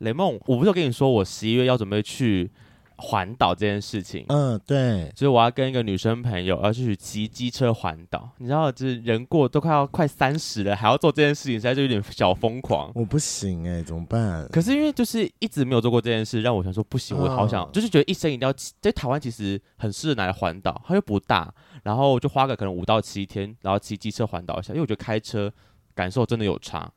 雷夢，我不是有跟你說我十一月要準備去環島這件事情？嗯、呃，對。就是我要跟一個女生朋友要去騎機車環島，你知道，就是人過都快要快三十了，還要做這件事情，實在就有點小瘋狂。我不行哎、欸，怎麼辦？可是因為就是一直沒有做過這件事，讓我想說不行，我好想、呃、就是覺得一生一定要騎。在台灣其實很適合拿來環島，它又不大，然後就花個可能五到七天，然後騎機車環島一下，因為我覺得開車感受真的有差。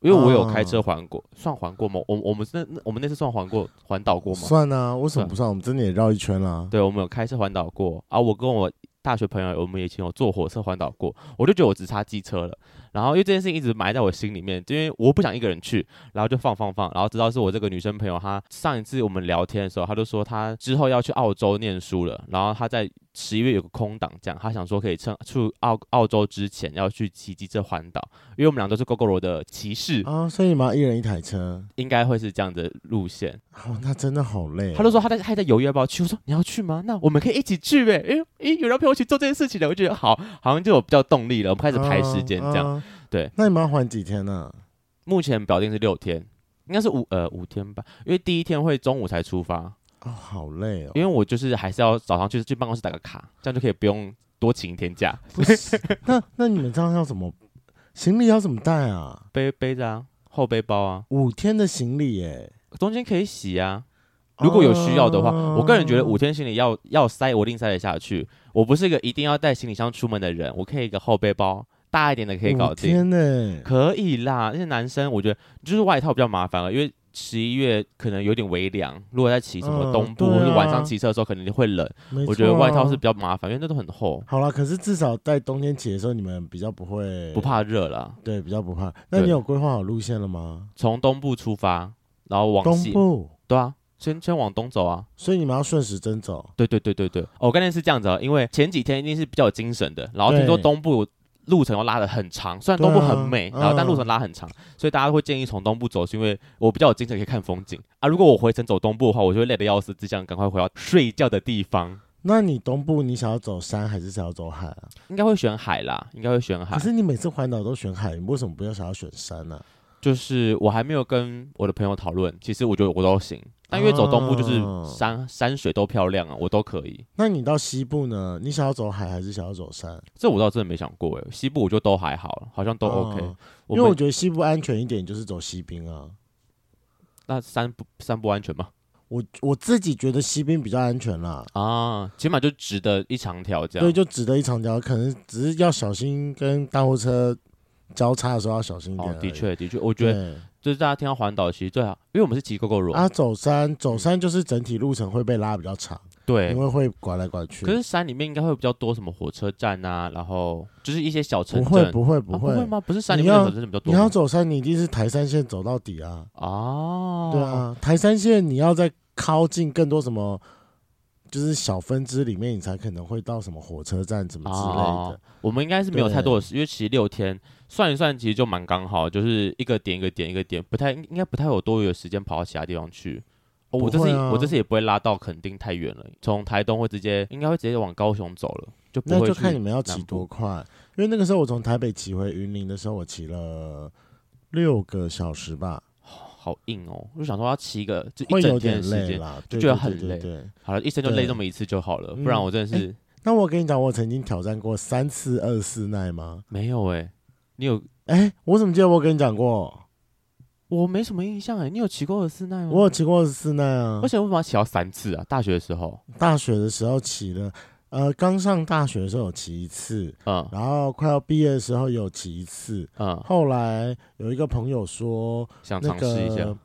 因為我有開車環過，啊、算環過嗎？我我們那我們那次算環過環島過嗎？算啊，為什麼不算？我們真的也繞一圈啦、啊。對，我們有開車環島過，啊，我跟我大學朋友，我們以前有坐火車環島過，我就覺得我只差機車了。然後因為這件事情一直埋在我心裡面，因為我不想一個人去，然後就放放放，然後直到是我這個女生朋友，她上一次我們聊天的時候，她就說她之後要去澳洲念書了，然後她在十一月有個空檔，這樣她想說可以趁出澳澳洲之前要去騎機車環島，因為我們倆都是 GOGORO 的騎士啊、哦，所以嘛，一人一台車，應該會是這樣的路線。哦，那真的好累、啊。她就說她在還在猶豫要不要去，我說你要去嗎？那我們可以一起去唄，誒，哎，有人陪我去做這件事情的，我覺得好好像就有比較動力了，我們開始排時間這樣。啊這樣對，那你們要還幾天呢、啊？目前表定是六天，應該是五呃五天吧，因為第一天會中午才出發啊、哦，好累哦。因為我就是還是要早上去去辦公室打個卡，這樣就可以不用多請一天假。 那那你們這樣要怎麼行李要怎麼帶啊？背背着啊，後背包啊，五天的行李耶、欸，中間可以洗啊。如果有需要的話，uh... 我個人覺得五天行李要要塞我一定塞得下去，我不是一個一定要帶行李箱出門的人，我可以一個後背包。大一點的可以搞定，欸、可以啦。那些男生，我覺得就是外套比較麻煩了，因為十一月可能有點微涼。如果在騎什麼、嗯、東部，啊、或者晚上騎車的時候，可能就會冷、啊。我覺得外套是比較麻煩，因為那都很厚。好了，可是至少在冬天騎的時候，你們比較不會不怕熱了。對，比較不怕。那你有規劃好路線了嗎？從東部出發，然後往東部。對啊，先先往東走啊。所以你們要順時針走。對對對對對。哦、我剛才是這樣子啊，因為前幾天一定是比較有精神的。然後聽說東部。路程要拉得很長，雖然東部很美，然後、啊、但路程拉很長，嗯、所以大家會建議從東部走，是因為我比較有精神可以看風景啊。如果我回程走東部的話，我就會累得要死，只想趕快回到睡覺的地方。那你東部你想要走山還是想要走海啊？應該會選海啦，應該會選海。可是你每次環島都選海，你為什麼不要想要選山呢、啊？就是我還沒有跟我的朋友討論，其實我覺得我都行。但因為走東部就是山、啊、山水都漂亮啊，我都可以。那你到西部呢？你想要走海還是想要走山？這我倒真的沒想過哎。西部我就都還好，好像都 OK、啊。因為我覺得西部安全一點，就是走西濱啊。那山不山不安全嗎？我我自己覺得西濱比較安全啦。啊，起碼就直的一長條這樣。對，就直的一長條，可能只是要小心跟大貨車交叉的時候要小心一點、哦。的確，的確，我覺得。就是大家聽到環島，其實最好，因為我們是騎 Gogoro。啊，走山走山就是整體路程會被拉比較長，對，因為會拐來拐去。可是山裡面應該會比較多什麼火車站啊，然後就是一些小城鎮，不會不會不會，啊，不會嗎？不是山裡面的小鎮比較多你。你要走山，你一定是台三線走到底啊！啊，對啊，台三線你要再靠近更多什麼？就是小分支裡面，你才可能會到什麼火車站怎麼之類的啊啊啊啊。我們應該是沒有太多的時間，因為其實六天算一算，其實就蠻剛好，就是一個點一個點一個點，不太應該不太有多餘的時間跑到其他地方去。哦啊，我這次我這次也不會拉到，肯定太遠了。從台東會直接，應該會直接往高雄走了，就不會。那就看你們要騎多快。因為那個時候我從台北騎回雲林的時候，我騎了六個小時吧。好硬哦！我就想說要騎一個，就一整天的時間了就覺得很累。對，對，對，對，對，對，好了，一生就累這麼一次就好了、嗯，不然我真的是。欸、那我跟你講，我曾經挑戰過三次二四耐嗎？沒有哎、欸，你有哎、欸？我怎麼記得我跟你講過？我沒什麼印象哎、欸。你有騎過二四耐嗎？我有騎過二四耐啊！為什麼我想我把它騎到三次啊！大學的時候，大學的時候騎了。呃，剛上大學的時候有騎一次，嗯，然後快要畢業的時候有騎一次，嗯，後來有一個朋友說想嘗試一下、那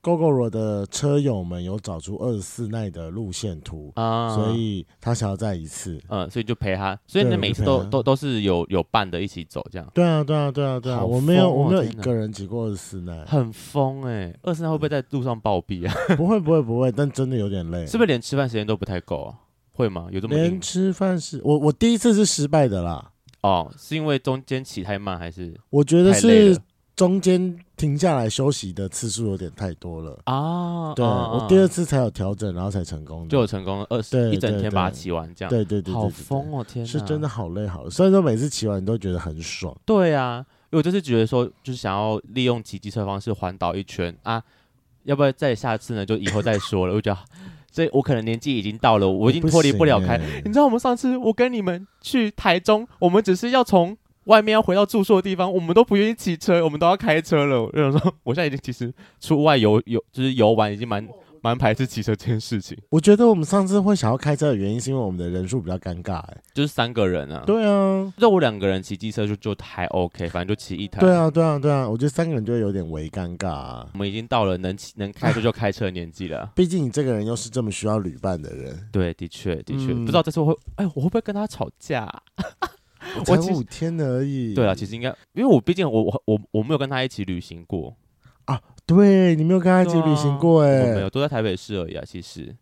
個，Gogoro 的車友們有找出二十四耐的路線圖啊、嗯，所以他想要再一次，嗯，所以就陪他，所以你每次都都都是有有伴的一起走這樣？對啊，對啊，對啊，對啊，對啊，我沒有，我沒有一個人騎過二十四耐，很瘋哎、欸，二十四耐會不會在路上暴斃啊？ 不會，不會，不會，但真的有點累， 是不是連吃飯時間都不太夠啊？會嗎？有這麼難？吃飯是，我我第一次是失敗的啦。哦，是因為中間騎太慢，還是我覺得是中間停下來休息的次數有點太多了啊？對啊，我第二次才有調整，然後才成功的，就有成功二十對一整天把它騎完對對對這樣。對對對，對，對，好瘋哦！天哪，是真的好累好。雖然說每次騎完你都覺得很爽，對啊，因為我就是覺得說，就是想要利用騎機車方式環島一圈啊，要不要再下次呢？就以後再說了， 我覺得。所以我可能年紀已經到了，我已經脫離不了開。欸、你知道我們上次我跟你們去台中，我們只是要從外面要回到住宿的地方，我們都不願意騎車，我們都要開車了。我想說，我現在已經其實出外遊遊就是遊玩已經蠻。蠻排斥騎車這件事情。我覺得我們上次會想要開車的原因，是因為我們的人數比較尷尬、欸，哎，就是三個人啊。對啊，如我兩個人騎機車就就還 OK，反正就騎一台。對啊，對啊，對啊，我覺得三個人就會有點微尷尬、啊。我們已經到了能騎能開車就開車的年紀了。 畢竟你這個人又是這麼需要旅伴的人。對，的確，的確、嗯，不知道這次我會，哎，我會不會跟他吵架、啊？ 我才五天而已。對啊，其實應該，因為我畢竟我我我我沒有跟他一起旅行過啊。對，你沒有跟他一起旅行過誒、欸，啊、沒有，都在台北市而已啊。其實，欸、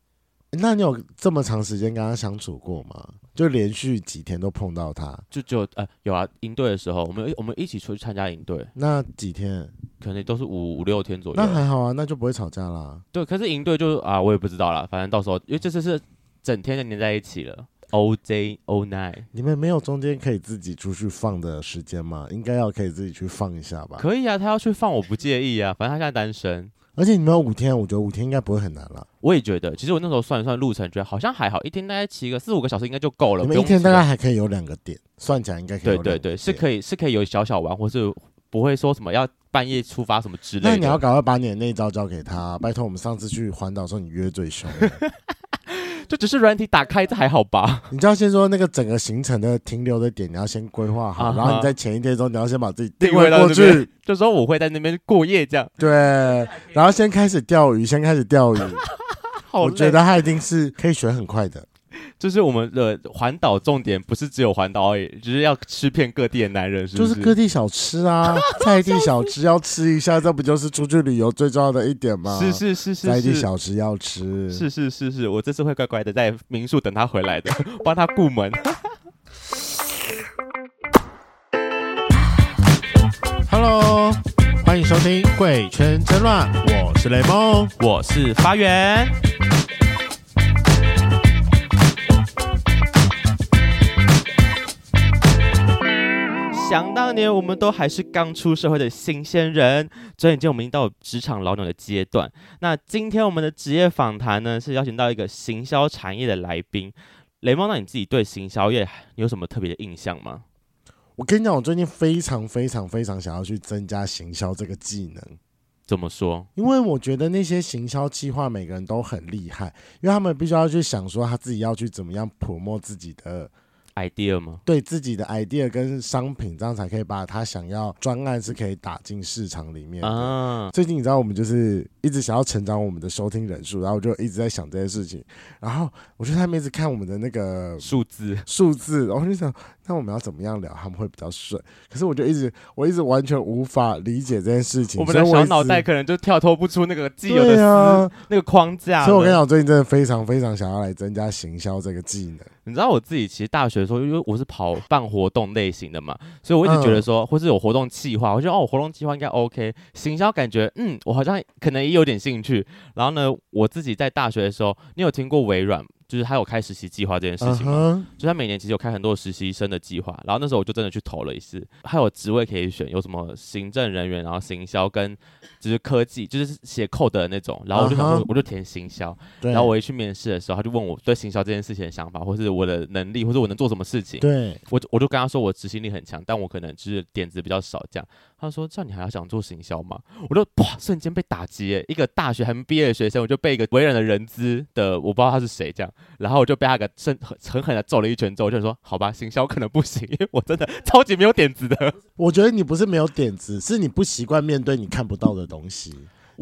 那你有這麼長時間跟他相處過嗎？就連續幾天都碰到他，就就呃有啊，營隊的時候，我們我們一起出去參加營隊，那幾天可能都是五五六天左右，那還好啊，那就不會吵架啦。對，可是營隊就啊，我也不知道啦，反正到時候，因為這次是整天就黏在一起了。O J O Nine 你們沒有中間可以自己出去放的時間嗎？應該要可以自己去放一下吧？可以啊，他要去放，我不介意啊。反正他現在單身，而且你們有五天，我覺得五天應該不會很難了。我也覺得，其實我那時候算一算路程，覺得好像還好，一天大概騎個四五個小時應該就夠了。你們一天大概還可以有兩個點，算起來應該可以，對對對，是可以是可以有小小玩，或是不會說什麼要半夜出發什麼之類的。那你要趕快把你的那招交給他，拜托我們上次去環島時候，你約最凶。 就只是軟體打開，這還好吧？你就要先說那個整個行程的停留的點，你要先規劃好，uh -huh. 然後你在前一天中你要先把自己定位過去，就說我會在那邊過夜這樣。對，然後先開始釣魚，先開始釣魚 。我覺得他一定是可以學很快的。就是我們的環島重點不是只有環島而已，就是要吃遍各地的男人是不是，是，就是各地小吃啊， 在地小吃要吃一下， 這不就是出去旅遊最重要的一點嗎？是是是是，是，在地小吃要吃，是是，是是是是，我這次會乖乖的在民宿等他回來的，幫他顧門。 Hello，歡迎收聽《貴圈真亂》，我是雷夢，我是花園。想當年，我們都還是剛出社會的新鮮人，轉眼間我們已經到了職場老鳥的階段。那今天我們的職業訪談呢，是邀請到一個行銷產業的來賓。雷夢，那你自己對行銷業有什麼特別的印象嗎？我跟你講，我最近非常非常非常想要去增加行銷這個技能。怎麼說？因為我覺得那些行銷企劃，每個人都很厲害，因為他們必須要去想說他自己要去怎麼樣 promote 自己的。idea 嗎？對自己的 idea 跟商品，這樣才可以把他想要專案是可以打進市場裡面的。啊、最近你知道，我們就是一直想要成長我們的收聽人數，然後我就一直在想這些事情。然後我覺得他們一直看我們的那個數字，數字，然後就想。那我們要怎麼樣聊他們會比較順？可是我就一直，我一直完全無法理解這件事情。我們的小腦袋可能就跳脫不出那個既有的思、對啊，那個框架。所以我跟你講，我最近真的非常非常想要來增加行銷這個技能。你知道我自己其實大學的時候，因為我是跑辦活動類型的嘛，所以我一直覺得說，嗯、或是有活動企劃，我覺得哦，我活動企劃應該 OK。行銷感覺，嗯，我好像可能也有點興趣。然後呢，我自己在大學的時候，你有聽過微軟嗎？就是他有開實習計劃這件事情嘛，uh -huh. 就是他每年其實有開很多實習生的計劃，然後那時候我就真的去投了一次，還有職位可以選，有什麼行政人員，然後行銷跟就是科技，就是寫 code 的那種，然後我就我就填行銷，uh -huh. 然後我一去面試的時候，他就問我對行銷這件事情的想法，或是我的能力，或是我能做什麼事情，對、uh -huh. 我我就跟他說我執行力很強，但我可能就是點子比較少這樣。他說：“這樣你還要想做行銷嗎？”我就哇，瞬間被打擊。一個大學還沒畢業的學生，我就被一個為人的人資的，我不知道他是誰，這樣，然後我就被他給深很狠狠的揍了一拳之後，我就說：“好吧，行銷可能不行，因為我真的超級沒有點子的。”我覺得你不是沒有點子，是你不習慣面對你看不到的東西。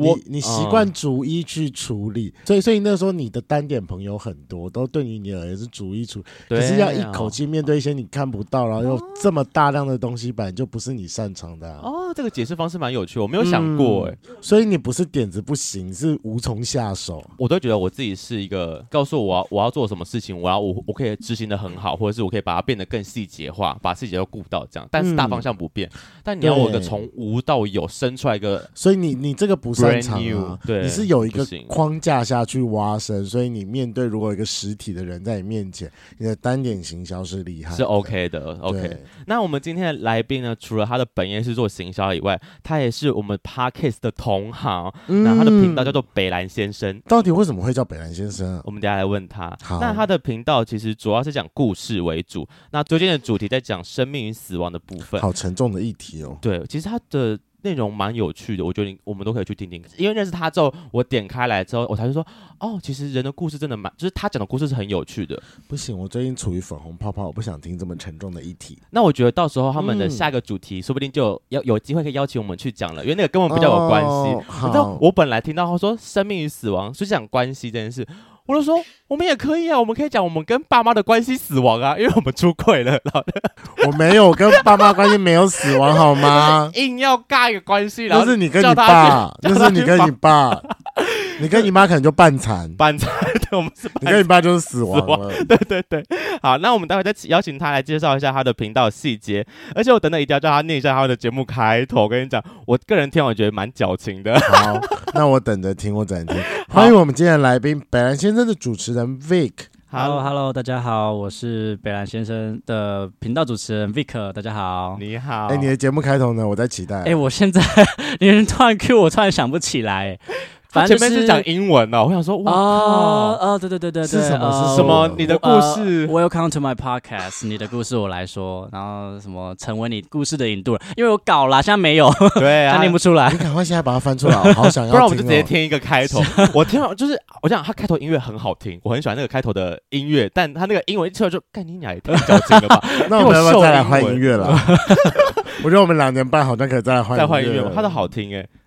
我你習慣逐一去處理，嗯、所以所以那時候你的單點朋友很多，都對於你而言是逐一處理。對，可是要一口氣面對一些你看不到，然後又這麼大量的東西，本來就不是你擅長的、啊。哦，這個解釋方式蠻有趣，我沒有想過哎、欸嗯。所以你不是點子不行，是無從下手。我都覺得我自己是一個，告訴我我要，我要做什麼事情，我要我我可以執行得很好，或者是我可以把它變得更細節化，把細節都顧到這樣，但是大方向不變。嗯、但你要我的從無到有生出來一個，所以你你這個不是。Brand new，啊、對，你是有一個框架下去挖深，所以你面對如果一個實體的人在你面前，你的單點行銷是厲害，是 OK 的。OK，那我們今天的來賓呢，除了他的本業是做行銷以外，他也是我們 Podcast 的同行、嗯，那他的頻道叫做北藍先生。到底為什麼會叫北藍先生、嗯？我們等下來問他。那他的頻道其實主要是講故事為主，那最近的主題在講生命與死亡的部分，好沉重的議題哦。對，其實他的。內容蠻有趣的，我覺得我們都可以去聽聽。因為認識他之後，我點開來之後，我才說哦，其實人的故事真的蠻，就是他講的故事是很有趣的。不行，我最近處於粉紅泡泡，我不想聽這麼沉重的議題。那我覺得到時候他們的下一個主題，嗯、說不定就要有機會可以邀請我們去講了，因為那個跟我們比較有關係。哦、你知道我本來聽到他說生命與死亡是講關係這件事。我就說，我們也可以啊，我們可以講我們跟爸媽的關係死亡啊，因為我們出櫃了。然後我沒有，跟爸媽關係沒有死亡， 好嗎？就是、硬要尬一個關係，然、就、後、是、 是你跟你爸，就是你跟你爸， 你跟你媽可能就半殘，半殘。 我們是，你跟你爸就是死亡了。 對對對，好,那我們待會再邀請他來介紹一下他的頻道細節，而且我等等一定要叫他念一下他的節目開頭。我跟你講，我個人聽我覺得蠻矯情的。好， 那我等着聽，我等着聽。 歡迎我們今天的來賓北蘭先生的主持人 Vic。Hello Hello，大家好，我是北蘭先生的頻道主持人 Vic，大家好，你好。哎、欸，你的節目開頭呢？我在期待。哎、欸，我現在你突然 Q，我突然想不起來、欸。反正就是，前面是講英文的。哦，我想說，哇哦，對、啊啊、對對對對，是什麼？啊、是什麼、啊？你的故事、uh,，Welcome to my podcast，你的故事我來說，然後什麼成為你故事的引渡人？因為我搞了，現在沒有，對、啊，他念不出來，你趕快現在把它翻出來、哦，我好想要、哦。 不然我們就直接聽一個開頭，啊、我聽，就是我想他開頭音樂很好聽，我很喜歡那個開頭的音樂，但他那個英文一出來就幹你倆也太矯情了吧？ 那我們要不要再來換音樂了？ 我覺得我們兩年半好像可以再來換再換音樂，他的好聽誒、欸。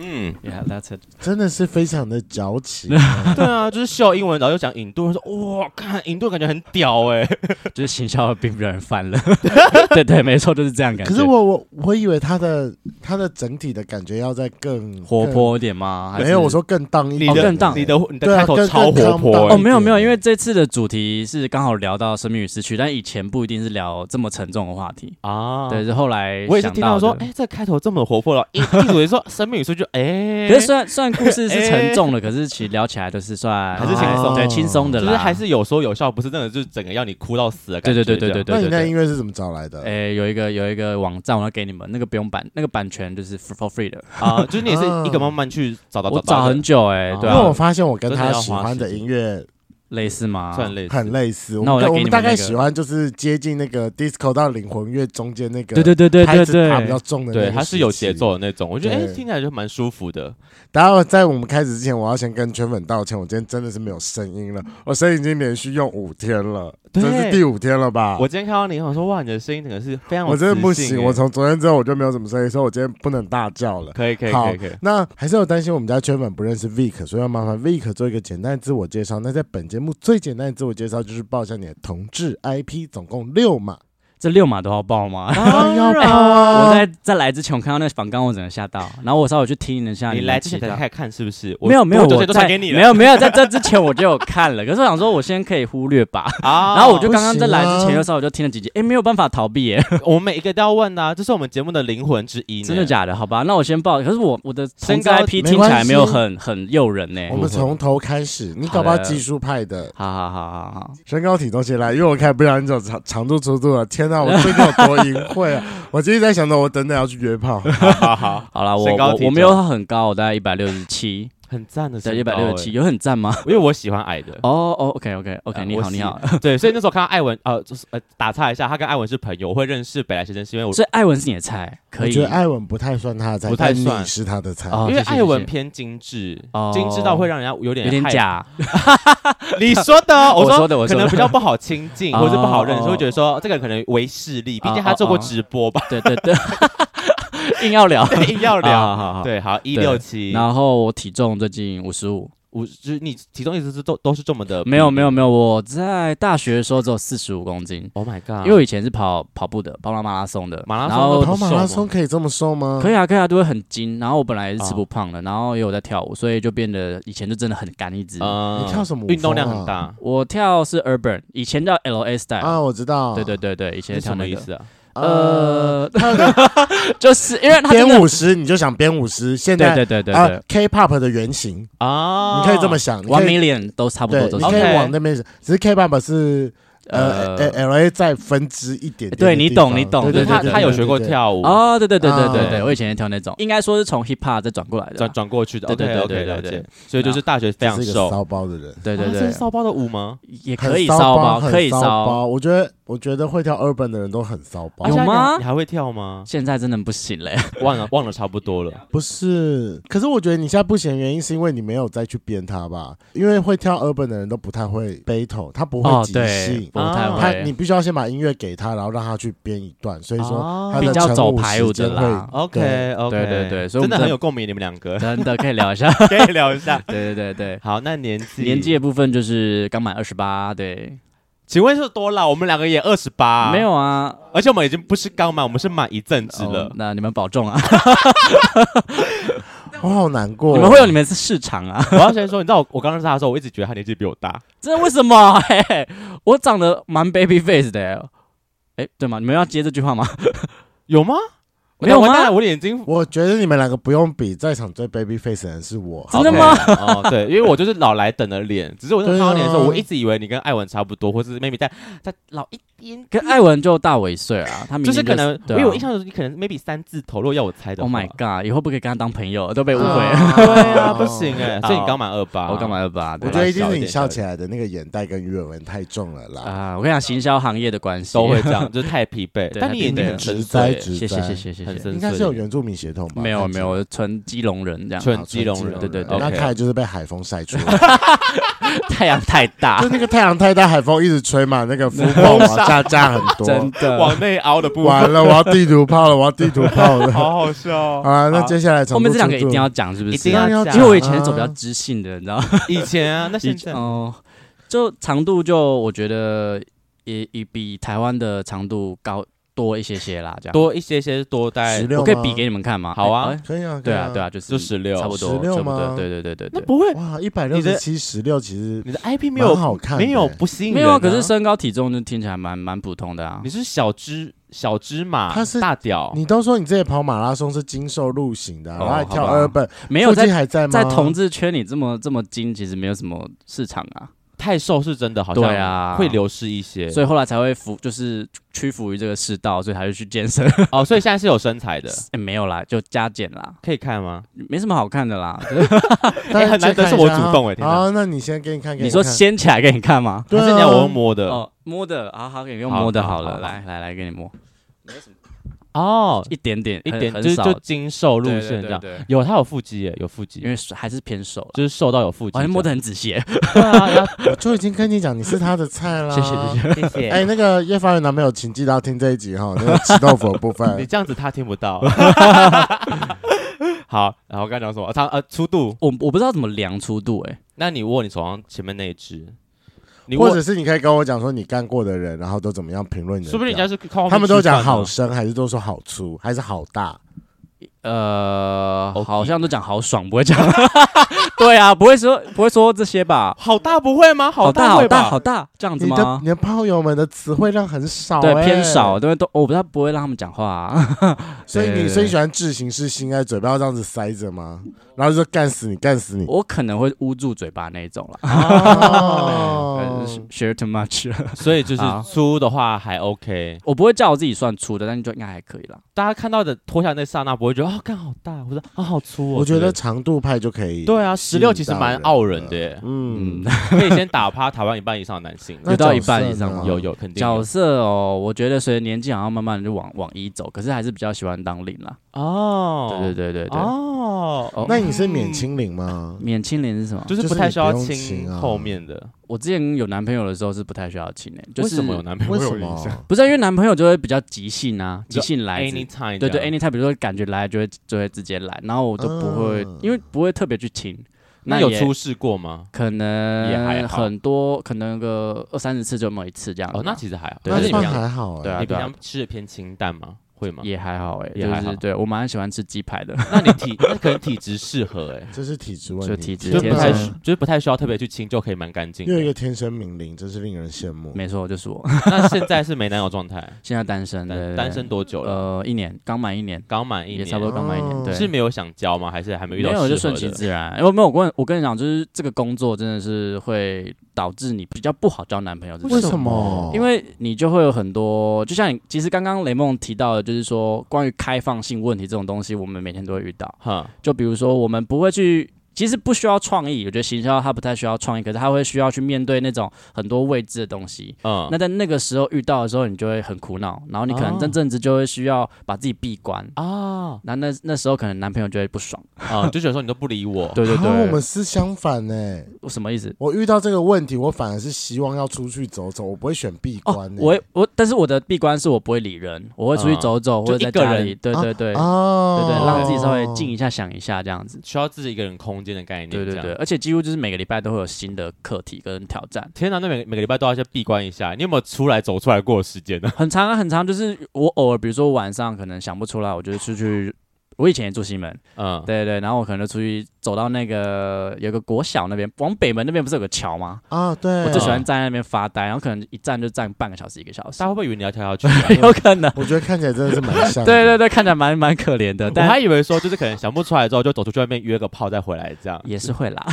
嗯，Yeah，that's it. 真的是非常的矯情、啊， 對啊，就是秀英文，然後又講印度，說哇，看印度感覺很屌哎、欸， 就是形象並不讓人翻了， 對對，沒錯，就是這樣感覺。可是我我我以為他的他的整體的感覺要再更活潑一點嗎？沒有，我說更當立，的更當你的你的開頭、啊、超活潑哦，沒有沒有，因為這次的主題是剛好聊到生命與失去，但以前不一定是聊這麼沉重的話題啊。對，是後來我也是聽到說，哎、欸，這個、開頭這麼活潑了，一直說生命與失去。哎、欸，可是雖然雖然故事是沉重的，欸，可是其實聊起來都是算還是挺輕鬆，的、啊，就是還是有說有笑，不是真的就是整個要你哭到死的感覺。對對對對對，對對對對對對。那，你那音樂是怎麼找來的？哎、欸，有一個有一個網站，我要給你們，那個不用版，那個版權就是 for free 的，啊，就是你也是一個慢慢去找到，找到的。 我找很久、欸，哎、對啊，因為我發現我跟他喜歡的音樂。類似嗎、嗯，算類似？很類似。那我們、那個、我們大概喜歡就是接近那個 disco 到靈魂樂中間那個，那個，對對對對對，拍子比較重的，對，還是有節奏的那種。我覺得哎、欸，聽起來就蠻舒服的。待會，在我們開始之前，我要先跟圈粉道歉，我今天真的是沒有聲音了，我聲音已經連續用五天了。這是第五天了吧？我今天看到你，我說哇，你的聲音真的是非常……我真的不行，欸、我從昨天之後我就沒有什麼聲音，所以我今天不能大叫了。可以，可以，好，可以。可以。那還是有擔心我們家圈粉不認識 Vic，所以要麻煩 Vic 做一個簡單的自我介紹。那在本節目最簡單的自我介紹就是報一下你的同志 IP，總共六碼。這六碼都要報嗎？當、啊、然、哎、啊！我在在來之前，我看到那個訪綱，我整個嚇到。然後我稍微去聽了一下你，你來之前才開始看是不是？我沒有沒有，我都帶給你了。沒有沒有，在這之前我就有看了。 可是我想說，我先可以忽略吧。啊！然後我就剛剛在來之前，時稍我就聽了幾集。哎，沒有辦法逃避耶！啊、 我們每一個都要問啊，這、就是我們節目的靈魂之一。真的假的？好吧，那我先報。可是我我的身高 IP 身高聽起來沒，沒有很很誘人呢。我們從頭開始， 你搞不好技術派的。好好好好好，身高體重先來，因為我看不然你走長長度粗度啊天。那我最近有多淫穢啊！ 我最近在想着，我等等要去約炮。 好啦好好， 我我沒有他很高，我大概一百六十七。很讚的身高，一百六十七有很讚嗎？因為我喜歡矮的。哦、oh, 哦，OK OK OK，你、嗯、好你好。你好 對，所以那時候看到艾文，呃，就是呃，打岔一下，他跟艾文是朋友，我會認識北藍先生是因為我所以艾文是你的菜，可以。我覺得艾文不太算他的菜，不太算是他的菜、哦哦，因為艾文偏精緻、哦，精緻到會讓人家有點有點假。 你說的、哦， 我，說的我說的，我說可能比較不好親近、哦，或者不好認，識，會、哦、覺得說這個人可能為勢利，畢、哦、竟他做過直播吧。哦、 對，對對對。 硬要聊， 硬要聊，啊、好好對，好一六七，然後我體重最近五十五，五，就是你體重一直是都都是這麼的，沒有沒有沒有，我在大學的時候只有四十五公斤，Oh my god，因為我以前是跑跑步的，跑完馬拉松的，馬拉松，跑馬拉松可以這麼瘦嗎？可以啊，可以啊，都會很精。然後我本來也是吃不胖的，uh, 然後也有在跳舞，所以就變得以前就真的很乾一只。Uh, 你跳什麼、啊？運動量很大。我跳是 Urban，以前叫 LA Style 啊、uh,，我知道、啊。對對對對，以前是跳那個。呃，就是因為他編舞師，你就想編舞師。現在對對對對啊，K-pop 的原型啊，你可以這麼想，One million 都差不多。對，ok 往那邊。只是 K-pop 是呃，L A 再分支一點。對你懂，你懂。對他他有學過跳舞哦，對對對對對對，我以前也跳那種。應該說是從 hip hop 再轉過來的，轉轉過去的。對對對對對。所以就是大學非常瘦，燒包的人。對對對，這是燒包的舞嗎？也可以燒包，可以燒包。我覺得。我覺得會跳 urban 的人都很騷包，有嗎？你還會跳嗎？現在真的不行嘞，忘了，忘了差不多了。不是，可是我覺得你現在不行的原因是因為你沒有再去編它吧？因為會跳 urban 的人都不太會 battle，他不會即興，哦嗯、不，不太會。你必須要先把音樂給他，然後讓他去編一段，所以說他、哦、比較走排舞的啦。對 okay, OK，對對對對，真的很有共鳴，你們兩個真的可以聊一下， 可以聊一下。對對對對，好，那年紀年紀的部分就是剛滿二十八，對。請問是多老？我們兩個也二十八。沒有啊，而且我們已經不是剛滿，我們是滿一陣子了、哦。那你們保重啊！ 我好難過、啊。你們會有你們的市場啊！ 我要先說，你知道我剛認識他的時候，我一直覺得他年紀比我大。這是為什麼？欸、我長得蠻 baby face 的、欸。哎、欸，對嗎？你們要接這句話嗎？ 有嗎？我我沒有嗎？我眼睛，我覺得你們兩個不用比，在場最 baby face 的人是我。真的嗎？Okay，哦， 對，因為我就是老來等的臉，只是我就是看到臉的時候、啊，我一直以為你跟艾文差不多，或者是妹妹但，但但老一。跟艾文就大我一歲啊，他明，明、就是就是可能，因為我印象中你可能 maybe 三字頭，若要我猜的。Oh my god！以後不可以跟他當朋友，都被誤會了。啊 對啊、不行哎，啊、所以你剛滿二八，我剛滿二八。我覺得一定是你笑起來的那個眼袋跟魚尾紋太，太重了啦。啊，我跟你講，行銷行業的關係都會這樣，就太疲憊。 但你眼睛很直哉直哉，謝謝謝謝謝謝，應該是有原住民血統吧？沒有沒有，純基隆人這樣。純基隆人，對對對，那看來就是被海風曬出。 太陽太大， 就那個太陽太大，海風一直吹嘛，那個風暴嘛， 炸炸很多，真的往內凹的部分。完了，我要地圖炮了，我要地圖炮了， 好好笑啊、哦！那接下來、啊、後面這兩個一定要講是不是？一定要講，因為我以前是走比較知性的，啊、你知道？以前啊，那現在哦、嗯，就長度就我覺得也也比台灣的長度高。多一些些啦，這樣多一些些多大概，我可以比給你們看嗎？欸、好啊，欸、啊，可以啊，對啊對啊，就是十六，差不多十六嗎？對，對對對對，那不會哇，一百六。你的其十六其實，你的 IP 沒有好看、欸，沒有不吸沒有。可是身高體重就聽起來蠻蠻普通的啊。你是小隻小隻馬，他、啊、是大屌。你都說你這些跑馬拉松是精瘦路型的、啊哦，然後跳二本沒有在在同志圈裡這麼這麼精，其實沒有什麼市場啊。太瘦是真的，好像會流失一些，啊、所以後來才會服，就是屈服於這個世道，所以才會去健身。哦，所以現在是有身材的， 欸、沒有啦，就加減啦。可以看嗎？沒什麼好看的啦。 欸、但是難得是我主動，我天啊！那你先給你看，你看。你說掀起來給你看嗎？對啊、還是你要我用摸的？哦，摸的啊好好，好，給你摸的，好了，來來來，給你摸， 哦、oh，一點點，一點就是就精瘦路線這樣，對對對對，有他有腹肌有腹肌，因為還是偏瘦，就是瘦到有腹肌，我、哦、還摸得很仔細， 對啊、 就已經跟你講你是他的菜了，謝謝謝謝，哎、 欸，那個葉發源男朋友，請記得要聽這一集哈，那個吃豆腐的部分， 你這樣子他聽不到、啊。 好，然後我剛講什麼？哦、他呃粗度，我我不知道怎麼量粗度哎、欸，那你握你手上前面那一只。或者是你可以跟我講說你幹過的人，然後都怎麼樣評論的？說不定人家是？他們都講好深，還是都說好粗，還是好大？呃，okay. 好像都講好爽，不會講。 對啊，不會說，不會說這些吧？好大，不會嗎？好大，好大，會吧？好大，這樣子嗎？你的炮友們的詞彙量很少。欸，對，偏少。對，對，都，我不太不會讓他們講話。啊。 所以你最喜歡智行是心愛嘴巴要這樣子塞着嗎？ 然後就說，乾死你，乾死你。我可能會捂住嘴巴那一種了。哈哈哈。Share too much， 所以就是粗的話還 OK，我不會叫我自己算粗的，但你就應該還可以了。大家看到的脫下那剎那，不會覺得。啊、哦，看好大！我說啊、哦，好粗哦！我覺得長度派就可以。對啊，十六其實蠻傲人的。嗯，可以先打趴台灣一半以上的男性 有到一半以上嗎？有有，肯定有。角色哦，我覺得隨着年紀好像慢慢的就往往一走，可是還是比較喜歡當零啦。哦，對對對對對。哦，那你是免清零嗎？嗯、免清零，是什麼？就是不太需要清後面的。就是我之前有男朋友的時候是不太需要親誒、欸就是，為什麼有男朋友？不是、啊、因為男朋友就會比較即興啊，即 興來。對對,對、yeah.，any time，比如說感覺來就會就會直接來，然後我就不會，uh... 因為不會特別去親。那你有出事過嗎？可能也還很多，可能個二三十次就沒有一次這樣。哦，那其實還好，那算還好、欸對啊對啊。對啊，你平常吃的偏清淡嗎？會嗎？也還好哎、欸就是，也還好。對，我蠻喜歡吃雞排的。那你體那 可能體質適合哎、欸，這是體質問題，就體質就，、嗯、就是不太需要，、就是、不太需要特別去清就可以蠻乾淨。因為有一個天生敏靈，真是令人羨慕。沒錯，就是我。 那現在是沒男友狀態，現在單身單對對對。單身多久了？呃，一年，剛滿一年，剛滿一年，差不多剛滿一年、哦。對，是沒有想交嗎？還是還沒遇到？沒有就順其自然。因、欸、為沒有我，我跟你講，就是這個工作真的是會。導致你比較不好交男朋友是不是？為什麼？因為你就會有很多，就像你其實剛剛雷夢提到的，就是說關於開放性問題這種東西，我們每天都會遇到。哈，就比如說我們不會去。其實不需要創意，我覺得行銷它不太需要創意，可是他會需要去面對那種很多未知的東西。嗯，那在那個時候遇到的時候，你就會很苦惱，然後你可能那陣子就會需要把自己閉關啊。那那那時候可能男朋友就會不爽啊， 就覺得說你都不理我。 對對對，對，我們是相反呢、欸。我什麼意思？我遇到這個問題，我反而是希望要出去走走，我不會選閉關、欸哦。我我，但是我的閉關是我不會理人，我會出去走走，嗯、或者在家裡。對對，對對對，哦、啊啊，對對，對，讓自己稍微靜一下，想一下這樣子，需要自己一個人空間概念念，對對對，而且幾乎就是每個禮拜都會有新的課題跟挑戰。天哪，那每每個禮拜都要先閉關一下，你有沒有出來走出來過時間呢？很長啊，很長、啊。很就是我偶爾，比如說晚上可能想不出來，我就是出去、嗯。我以前也住西門，嗯，對對，對，然後我可能就出去。走到那個有個國小那邊，往北門那邊不是有個橋嗎？啊、哦，對、哦，我就喜歡站在那邊發呆，然後可能一站就站半個小時一個小時。他會不會以為你要跳下去、啊？ 有可能，我覺得看起來真的是蠻像的。對對對，看起來蠻蠻可憐的。但他以為說就是可能想不出來之後就走出去外面約個砲再回來這樣，也是會啦，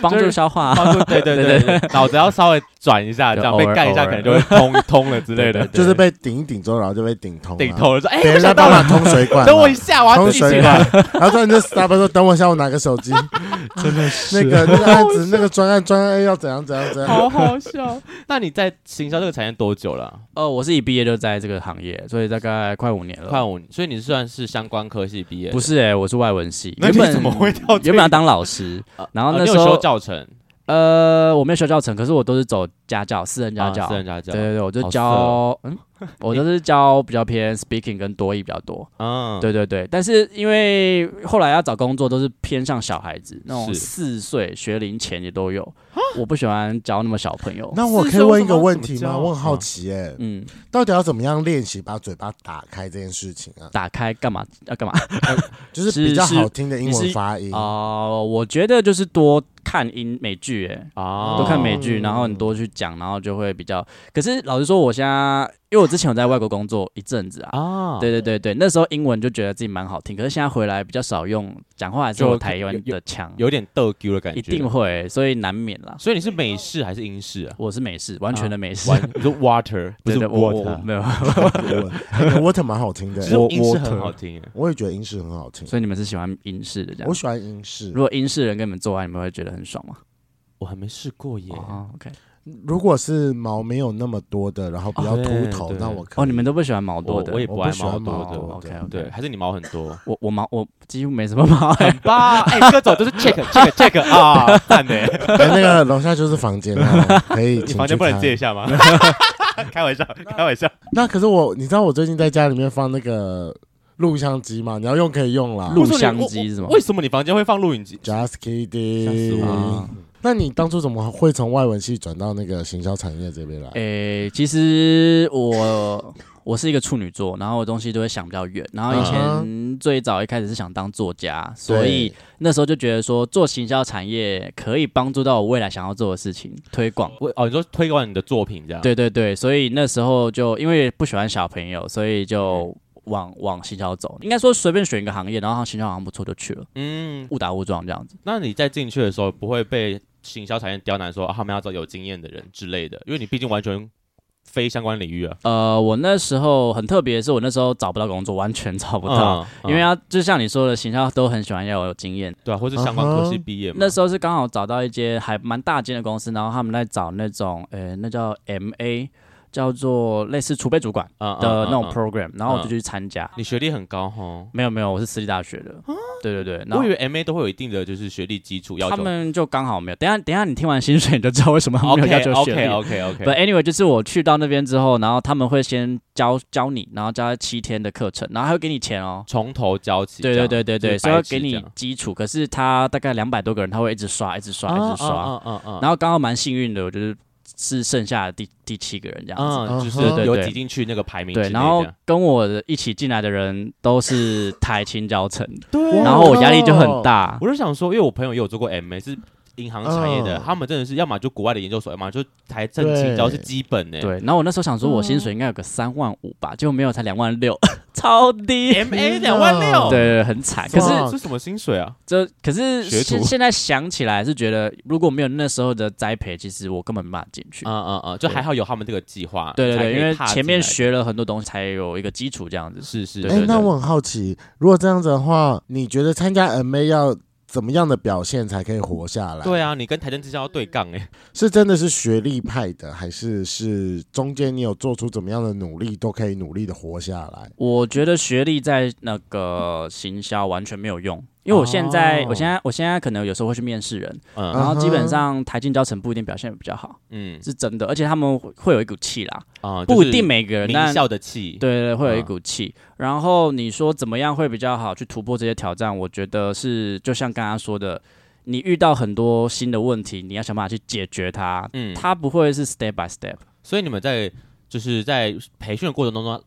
幫 助消化、啊 助。對對對對，對，腦子要稍微轉一下，這樣被蓋一下偶爾偶爾可能就會通通了之類的，對對對，就是被頂一頂之後然後就被頂通。頂 通了說，哎、欸 罐， 我想到通水管。等我一下，我要通水管。然後突然就 stop 了，說，等我一下我拿。拿個手機？真的是那個案子，那個專案專 專案， 案要怎樣怎樣怎樣？好好笑。 那你在行銷這個產業多久了、啊？哦、呃，我是一畢業就在這個行業，所以大概快五年了，快五年。所以你算是相關科系畢業？不是哎、欸，我是外文系。原本怎麼會到，原本要當老師？ 然後那時候、呃呃、教程。呃，我沒有學教程，可是我都是走家教，私人家教，啊、對對對，私人家教。對對對，我就教，oh, so. 嗯，我都是教比較偏 speaking 跟多益比較多。 嗯，對對對。但是因為後來要找工作，都是偏向小孩子，那種四歲學齡前也都有。我不喜歡教那麼小朋友。那我可以問一個問題嗎？我很好奇、欸，哎， 嗯，到底要怎麼樣練習把嘴巴打開這件事情啊？打開幹嘛？要幹嘛、 嗯？就是比較好聽的英文發音哦、呃，我覺得就是多。看英美劇、欸，哎、oh,，都看美劇、嗯，然後你多去講，然後就會比較。可是老實說，我現在因為我之前有在外國工作 一陣子啊，oh. 對對對對，那時候英文就覺得自己蠻好聽，可是現在回來比較少用，講話還是用台灣的腔、okay,，有點逗 Q 的感覺，一定會，所以難免啦。所以你是美式還是英式啊？我是美式，完全的美式，water、uh, 不是 對對 water，沒 有 water 蠻好聽的，其 實英式很好聽，water, 我也覺得英式很好聽，所以你們是喜歡英式的這樣？我喜歡英式、啊，如果英式人跟你們做愛，你們會覺得。很爽嗎？我還沒試過耶。Oh, OK，如果是毛沒有那麼多的，然後比較禿頭、oh, 對對對，那我哦，oh, 你們都不喜歡毛多的，我，我也不愛，我不喜歡毛多的。Okay, OK，對，還是你毛很多。 我我毛我幾乎沒什麼毛，很巴。哎、欸，各種，都是 check check check 啊！真的、欸欸，那個樓下就是房間 可以請。你房間不能借一下嗎？ 開玩笑，開玩笑。那可是我，你知道我最近在家裡面放那個。錄像機嘛，你要用可以用啦。錄像機是嗎？為什麼你房間會放錄影機？Just kidding、uh,。那你當初怎麼會從外文系轉到那個行銷產業這邊來？誒、欸，其實我我是一個處女座，然後我東西都會想比較遠。然後以前最早一開始是想當作家，uh -huh. 所以那時候就覺得說做行銷產業可以幫助到我未來想要做的事情推廣。哦，你說推廣你的作品這樣？對對對，所以那時候就因為不喜歡小朋友，所以就。往往行銷走，應該說隨便選一個行業，然後他行銷好像不錯就去了，嗯，誤打誤撞這樣子。那你在進去的時候不會被行銷產業刁難說，說、啊、他們要找有經驗的人之類的，因為你畢竟完全非相關領域啊。呃，我那時候很特別，是我那時候找不到工作，完全找不到，嗯、因為他、嗯、就像你說的，行銷都很喜歡要有經驗，對啊，或是相關科系畢業嘛。Uh -huh. 那時候是剛好找到一間還蠻大間的公司，然後他們在找那種，呃、欸，那叫 M A。叫做類似儲備主管的那種 program、嗯嗯嗯、然後我就去參加、嗯。你學歷很高哈、哦？沒有沒有，我是私立大學的。對對對，然後，我以為 MA 都會有一定的就是學歷基礎，要求。他們就剛好沒有。等下等下，等下你聽完薪水你就知道為什麼沒有要求學歷。OK OK OK, okay。不、okay. Anyway，就是我去到那邊之後，然後他們會先教教你，然後教七天的課程，然後還會給你錢哦，從頭教起。對對對對對，就是、所以會給你基礎。可是他大概兩百多個人，他會一直刷，一直刷，uh, 一直刷。Uh, uh, uh, uh, uh, uh. 然後剛好蠻幸運的，我覺得。是剩下的第第七個人這樣子，嗯、就是有擠進去那個排名、uh -huh. 對對對。對，然後跟我一起進來的人都是台清交層，對， 然後我壓力就很大、wow。我就想說，因為我朋友也有做過 M A，是。銀行產業的，uh, 他們真的是要麼就國外的研究所，要麼就台政清，只要是基本的、欸。對，然後我那時候想說，我薪水應該有個三萬五吧、嗯，結果沒有，才兩萬六，超低。M A 兩萬六， 對,對,對，很慘。可是是什麼薪水啊？這可是,是。現在想起來是覺得，如果沒有那時候的栽培，其實我根本沒辦法進去。嗯嗯嗯。就還好有他們這個計劃。對對對，因為前面學了很多東西，才有一個基礎這樣子。是是。哎、欸，那我很好奇，如果這樣子的話，你覺得參加 M A 要？怎麼樣的表現才可以活下來？對啊，你跟台燈直銷要對槓誒，是真的是學歷派的，還是是中間你有做出怎麼樣的努力都可以努力的活下來？我覺得學歷在那個行銷完全沒有用。因為我現在，oh. 我現在，我現在可能有時候會去面試人，uh -huh. 然後基本上台清交成不一定表現的比較好，嗯、uh -huh.，是真的，而且他們會有一股氣啦，啊、uh -huh.，不一定每個人、uh -huh. 但就是、名校的氣，對對，對，會有一股氣。Uh -huh. 然後你說怎麼樣會比較好去突破這些挑戰？我覺得是就像剛剛說的，你遇到很多新的問題，你要想辦法去解決它，嗯、uh -huh.，它不會是 step by step。所以你們在就是在培訓的過程當中。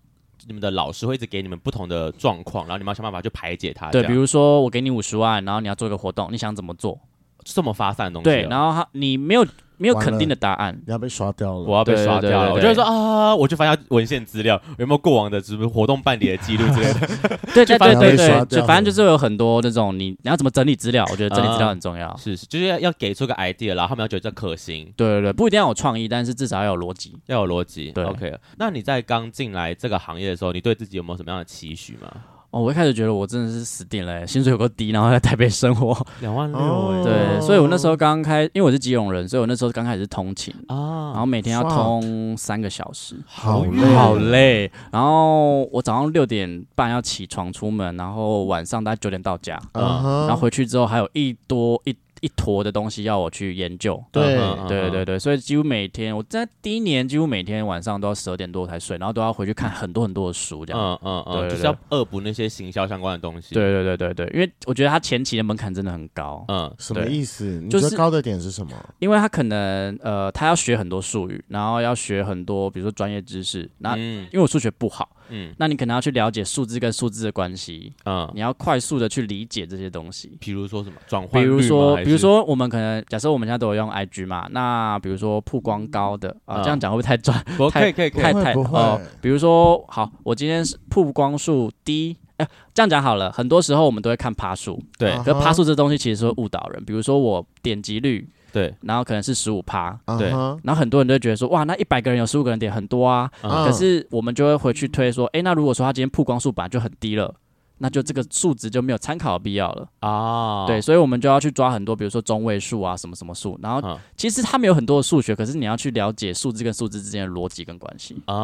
你們的老師會一直給你們不同的狀況，然後你們要想辦法去排解它。對，比如說我給你五十萬，然後你要做一個活動，你想怎麼做？這麼發散的東西啊。對，然後你沒有。沒有肯定的答案，你要被刷掉了，我要被刷掉了。對對對對對，我就說啊，我就翻下文獻資料，有沒有過往的，是不是活動辦理的記錄之類的？ 對對對對，就反正就是有很多那種你你要怎麼整理資料？我覺得整理資料很重要，嗯、是，就是要要給出個 idea，然後他們要覺得這可行。對對對，不一定要有創意，但是至少要有邏輯，要有邏輯。對，OK。那你在剛進來這個行業的時候，你對自己有沒有什麼樣的期許嗎？哦，我一開始覺得我真的是死定了，薪水有夠低，然後在台北生活兩萬六，對，所以我那時候剛開，因為我是基隆人，所以我那時候剛開始是通勤啊，然後每天要通三個小時，啊，好累，好累， 然後我早上六點半要起床出門，然後晚上大概九點到家，uh -huh，然後回去之後還有一多一。一坨的東西要我去研究，對對對對，所以幾乎每天我在第一年幾乎每天晚上都要十二點多才睡，然後都要回去看很多很多的書，這樣，嗯嗯嗯，就是要惡補那些行銷相關的東西。對對對對對，因為我覺得他前期的門檻真的很高，嗯，什麼意思？就是你覺得高的點是什麼？因為他可能呃，他要學很多術語，然後要學很多，比如說專業知識。那，嗯，因為我數學不好。嗯，那你可能要去了解數字跟數字的關係，嗯，你要快速的去理解這些東西。比如說什麼轉換率，比如說，比如說我們可能假設我們現在都有用 IG 嘛，那比如說曝光高的啊、嗯，這樣講會不會太專？可以可以，不會不會。哦、呃，比如說好，我今天是曝光數低，哎、欸，這樣講好了。很多時候我們都會看趴數，對，uh -huh、可是趴數這東西其實是誤導人。比如說我點擊率。對，然後可能是十五趴，對，uh -huh. 然後很多人都覺得說，哇，那一百個人有十五個人點，很多啊。Uh -huh. 可是我們就會回去推說，哎，那如果說他今天曝光數本來就很低了。那就這個數值就沒有參考的必要了啊，Oh. 對，所以我們就要去抓很多，比如說中位數啊，什麼什麼數。然後、嗯、其實他們有很多的數學，可是你要去了解數字跟數字之間的邏輯跟關係啊。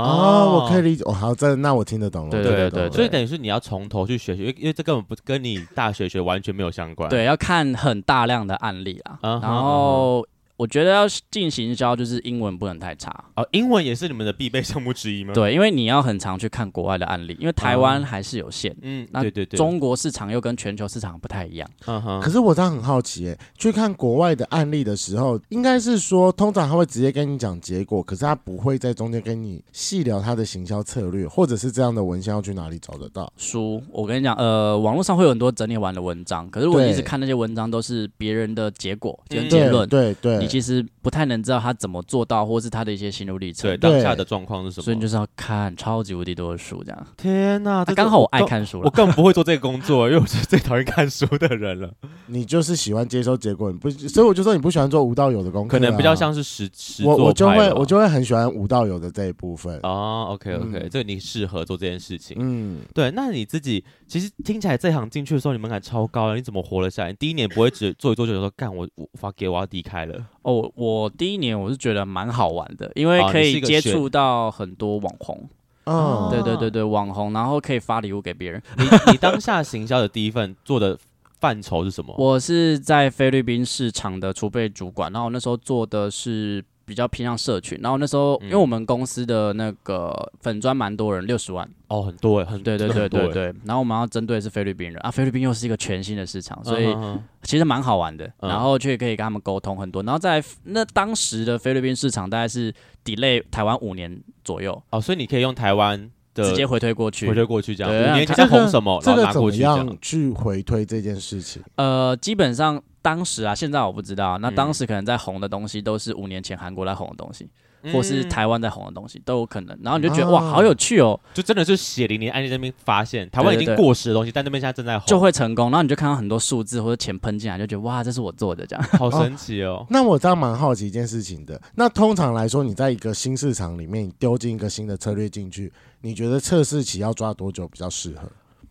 Oh. Oh, 我可以理解，哦、oh, 好，這那我聽得懂了，對對對，對，對，對，對，對。所以等於是你要從頭去學習，因為因為這根本不跟你大學學完全沒有相關。 對，要看很大量的案例啊，uh-huh, 然後。Uh-huh. 我覺得要進行銷，就是英文不能太差哦。英文也是你們的必備項目之一嗎？對，因為你要很常去看國外的案例，因為臺灣還是有限。嗯，對對對。那中國市場又跟全球市場不太一樣。哈、嗯、哈。可是我倒很好奇，哎，去看國外的案例的時候，應該是說通常他會直接跟你講結果，可是他不會在中間跟你細聊他的行銷策略，或者是這樣的文獻要去哪裡找得到？書，我跟你講，呃，網絡上會有很多整理完的文章，可是我一直看那些文章都是別人的結果、這個、結論，對、嗯、對。對對你其實不太能知道他怎麼做到，或是他的一些心路歷程對對。當下的狀況是什麼，所以你就是要看超級無敵多的書，這樣。天吶，剛、啊、好我愛看書了，我更不會做這個工作，因為我是最討厭看書的人了。你就是喜歡接收結果，你不，所以我就說你不喜歡做無到有的工作、啊，可能比較像是實實做派我我就會我就會很喜歡無到有的這一部分。哦，OK OK，就、嗯、你適合做這件事情。嗯，對，那你自己其實聽起來這行進去的時候，你門檻超高了、啊，你怎麼活了下來？你第一年不會只做一做就說，說 幹我無法給，我要離開了。哦、oh，我第一年我是覺得蠻好玩的，因為可以接觸到很多網紅，嗯、啊，oh. 對對對對，網紅，然後可以發禮物給別人。你你當下行銷的第一份 做的範疇是什麼？我是在菲律賓市場的儲備主管，然後那時候做的是。比較偏向社群，然後那時候、嗯、因為我們公司的那個粉專蠻多人，六十萬哦，很多哎，多，對對對對對。然後我們要針對的是菲律賓人啊，菲律賓又是一個全新的市場，所以、嗯、其實蠻好玩的，然後卻可以跟他們溝通很多。然後在那當時的菲律賓市場大概是 delay 台灣五年左右哦，所以你可以用台灣的直接回推過去，回推過去這樣。五、啊、年前在紅什麼，然後拿過去這樣,、這個這個、怎麼樣去回推這件事情。呃，基本上。當時啊，現在我不知道。那當時可能在紅的東西，都是五年前韓國在紅的東西，嗯、或是台灣在紅的東西，都有可能。然後你就覺得、啊、哇，好有趣哦，就真的是血淋淋案例這邊發現，台灣已經過時的東西，對對對但那邊現在正在紅就會成功。然後你就看到很多數字或者錢噴進來，就覺得哇，這是我做的這樣，好神奇哦。哦那我這樣蠻好奇一件事情的。那通常來說，你在一個新市場裡面你丟進一個新的策略進去，你覺得測試期要抓多久比較適合？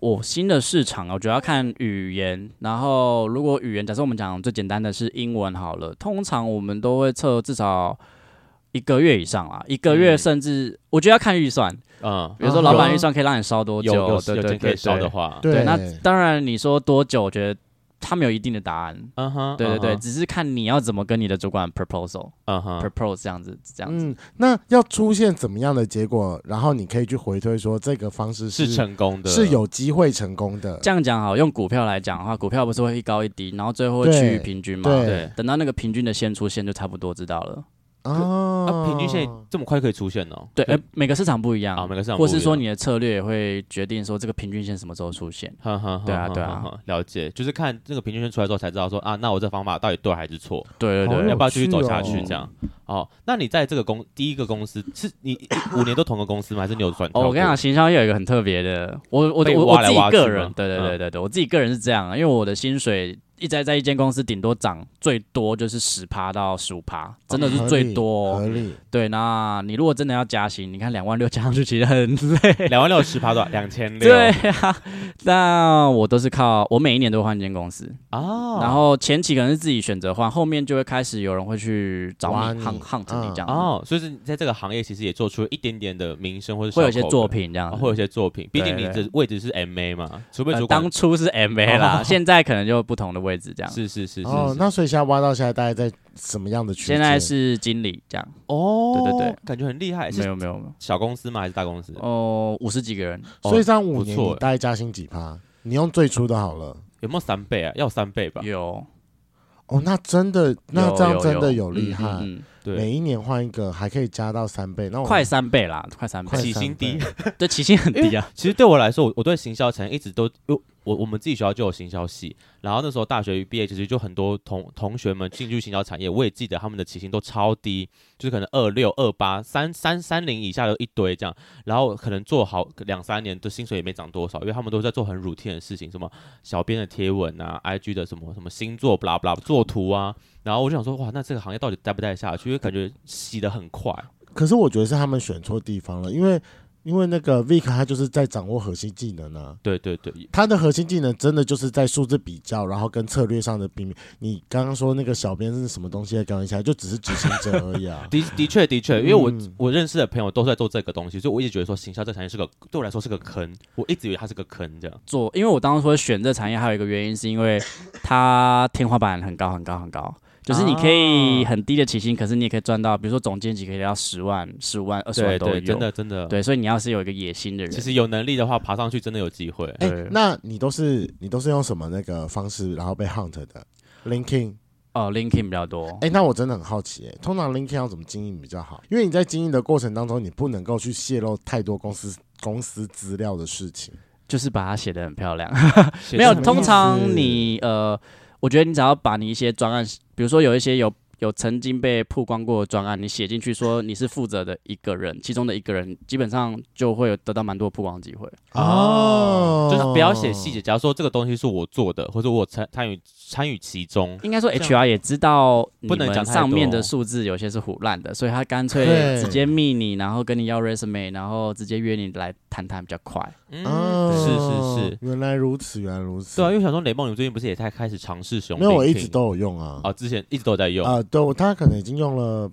哦，新的市場啊，我主要看語言，然後如果語言，假設我們講最簡單的是英文好了，通常我們都會測至少一個月以上啊，一個月甚至，嗯、我覺得要看預算啊、嗯，比如說老闆預算可以讓你燒多久，啊啊、對，對，對，就可以燒的話對對，對，那當然你說多久，我覺得。他們有一定的答案，嗯哼，對對對，uh -huh. 只是看你要怎麼跟你的主管 proposal，嗯、uh、哼 -huh.，proposal 這樣子，這樣子、嗯。那要出現怎麼樣的結果、嗯，然後你可以去回推說這個方式是，是成功的，是有機會成功的。這樣講好，用股票來講的話，股票不是會一高一低，然後最後會趨於平均嗎？對對，對，等到那個平均的先出現，就差不多知道了。啊,啊，平均線這麼快可以出現哦？對，哎、欸，每個市場不一樣啊、哦，每個市場，或是說你的策略也會決定說這個平均線什麼時候出現。哈哈，對啊呵呵呵，對啊，了解，就是看這個平均線出來之後才知道說啊，那我這方法到底對還是錯？對對對，要不要繼續走下去？這樣好、啊，哦，那你在這個公第一個公司是你五年都同個公司嗎？ 還是你有轉？哦，我跟你講，行銷有一個很特別的，我我挖來挖去我自己個人，對對對對對、嗯，我自己個人是這樣，因為我的薪水。一直在一間公司頂多漲最多就是十趴到十五趴，真的是最多，喔。對，那你如果真的要加薪，你看兩萬六加上去其實很累。 兩 萬六十趴多少？兩千六。對啊，那我都是靠我每一年都會換一間公司，然後前期可能是自己選擇換，後面就會開始有人會去找你 hunt 你這樣。哦，所以你在這個行業其實也做出一點點的名聲或者會有一些作品這樣。哦、會有一些作品。畢竟你的位置是 MA 嘛，除非當初是 MA 啦，現在可能就不同的位置。 位這樣子是是是，哦、oh,，那所以現在挖到現在大概在什麼樣的區？現在是經理這樣哦、oh，對對對，感覺很厲害。沒有，沒有沒有，小公司嗎？還是大公司？哦、oh，五十幾個人，所以這樣五年大概加薪幾趴、oh,？你用最初的好了，有沒有三倍啊？要三倍吧？有。哦、oh,，那真的，那這樣有有有真的有厲害有有有嗯嗯嗯嗯。對，每一年換一個，還可以加到三倍，那我快三倍啦，快三倍，起薪低，對、 欸，起薪很低啊。其實對我來說，我我對行銷圈一直都有。呃我我們自己學校就有行銷系，然後那時候大學一畢業其實就很多同同學們進入行銷產業，我也記得他們的起薪都超低，就是可能二六二八三三三零以下的一堆這樣，然後可能做好兩三年的薪水也沒漲多少，因為他們都在做很 routine 的事情，什麼小編的貼文啊、IG 的什麼什麼星座 blah blah 做圖啊，然後我就想說哇，那這個行業到底待不待下去？因為感覺洗得很快。可是我覺得是他們選錯地方了，因為。因為那個 Vic，他就是在掌握核心技能啊。對對對，他的核心技能真的就是在數字比較，然後跟策略上的比。你剛剛說那個小編是什麼東西？剛剛一下就只是執行者而已啊。 的的確的確，因為我我認識的朋友都是在做這個東西、嗯，所以我一直覺得說行銷這產業是個對我來說是個坑。我一直以為它是個坑，這樣做。因為我當時說選這產業還有一個原因，是因為它天花板很高很高很高。就是你可以很低的起薪，啊，可是你也可以賺到，比如說總監級可以要十萬、十五萬、二十萬都有。對對對，真的真的對。所以你要是有一個野心的人，其實有能力的話，爬上去真的有機會。哎、欸，那你都是你都是用什麼那個方式，然後被 hunt 的 linking？哦，linking 比較多。哎、欸，那我真的很好奇，欸，哎，通常 linking 要怎麼經營比較好？因為你在經營的過程當中，你不能夠去泄露太多公司公司資料的事情，就是把它寫得很漂亮。 沒有，通常你呃。我覺得你只要把你一些專案，比如說有一些有。有曾經被曝光過的專案，你寫進去說你是負責的一個人，其中的一個人基本上就會有得到蠻多曝光機會哦。就是不要寫細節，假如說這個東西是我做的，或者我參參與參與其中。應該說 HR 也知道不能講上面的數字有些是唬爛的，所以他乾脆直接密你，然後跟你要 resume，然後直接約你來談談比較快。嗯、哦，是是是，原來如此，原來如此。對啊，因為想說雷夢，你最近不是也在開始嘗試使用？因為我一直都有用啊，啊，之前一直都有在用、呃都，他可能已經用了。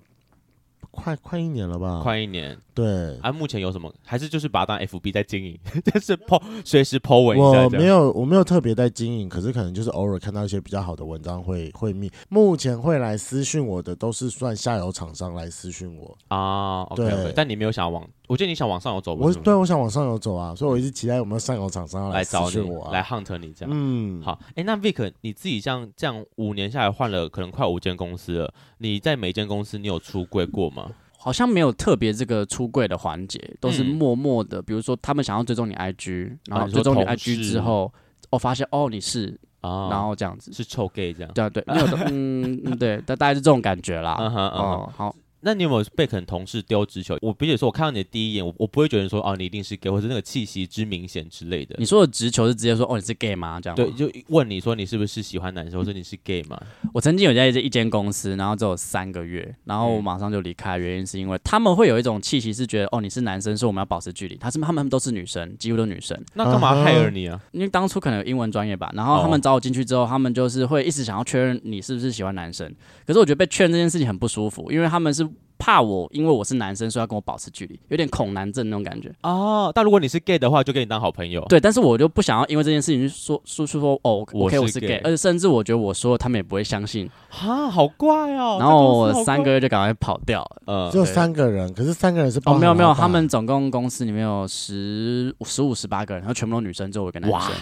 快快一年了吧？快一年，對。啊，目前有什麼？還是就是把它當 FB 在經營， 就是 Po，隨時 Po 文。我沒有，我沒有特別在經營，可是可能就是偶爾看到一些比較好的文章會會密。目前會來私訊我的都是算下游廠商來私訊我啊。Okay, 對，okay, 但你沒有想要往，我覺得你想往上游走。我對我想往上游走啊，所以我一直期待有沒有上游廠商來私訊我啊，啊嗯、來找你我，來 hunt 你這樣。嗯，好。哎、欸，那 Vic 你自己像這樣，這樣五年下來換了可能快五間公司了，你在每間公司你有出櫃過嗎？好像沒有特別這個出櫃的環節，都是默默的。嗯、比如說，他們想要追蹤你 IG，然後追蹤你 IG 之後，我、哦哦、發現哦你是哦，然後這樣子是臭 gay 這樣。對、啊、對，沒有 嗯對，大大概是這種感覺啦。嗯，嗯，嗯好。那你有沒有被可能同事丟直球？我比如說，我看到你的第一眼，我我不會覺得說，哦、啊，你一定是 gay，或者是那個氣息之明顯之類的。你說的直球是直接說，哦，你是 gay 嗎？這樣。對，就問你說你是不是喜歡男生，或者說你是 gay 嗎？我曾經有在這一間公司，然後只有三個月，然後我馬上就離開，原因是因為他們會有一種氣息，是覺得，哦，你是男生，所以我們要保持距離。他是他們都是女生，幾乎都女生。那幹嘛 hire 你啊？因為當初可能有英文專業吧，然後他們找我進去之後，他們就是會一直想要確認你是不是喜歡男生。可是我覺得被確認這件事情很不舒服，因為他們是。怕我，因為我是男生，所以要跟我保持距離，有點恐男症那種感覺哦。但如果你是 gay 的話，就跟你當好朋友。對，但是我就不想要因為這件事情說說出說說哦，我可以我是 gay，我是 gay 而且甚至我覺得我說了他們也不會相信。哈，好怪哦。然後我三個月就趕快跑掉只有、嗯、三個人，可是三個人是哦，沒有沒有，他們總共公司裡面有十十五十八個人，然後全部都女生，就我跟一個男生。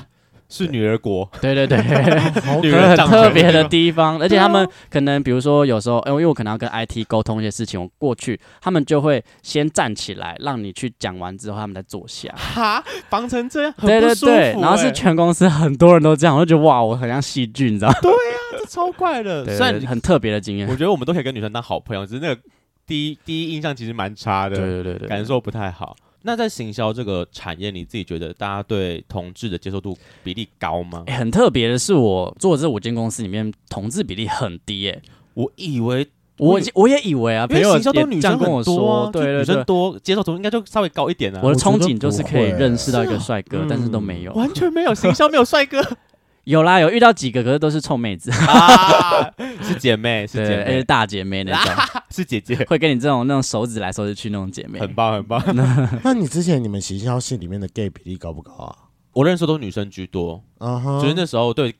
是女兒國，對對對，對 好可樂，女兒很特別的地方。而且他們可能，比如說有時候，因為因為我可能要跟 IT 溝通一些事情，我過去他們就會先站起來，讓你去講完之後，他們再坐下。哈，防成這樣，對對對,對，然後是全公司很多人都這樣，我就覺得哇，我很像細菌，你知道嗎？對呀，這超怪的，算很特別的經驗。我覺得我們都可以跟女生當好朋友，只是那個第一第一印象其實蠻差的，對對對，感受不太好。那在行銷這個產業，你自己覺得大家對同志的接受度比例高嗎？欸、很特別的是，我做的這五間公司裡面同志比例很低、欸。哎，我以為我我，我也以為啊，因為行銷都女生很多、啊、跟我說對，對，女生多對對對，接受度應該就稍微高一點、啊、我的憧憬就是可以認識到一個帥哥、欸，但是都沒有，嗯、完全沒有行銷沒有帥哥。 有啦，有遇到幾個，可是都是臭妹子、啊、 是姐妹，是姐妹，大姐妹那種，啊、是姐姐，會跟你這種那種手指來手指去那種姐妹，很棒很棒。 那你之前你們行銷系裡面的 gay 比例高不高啊？我認識都是女生居多，uh-huh. 就是那時候對。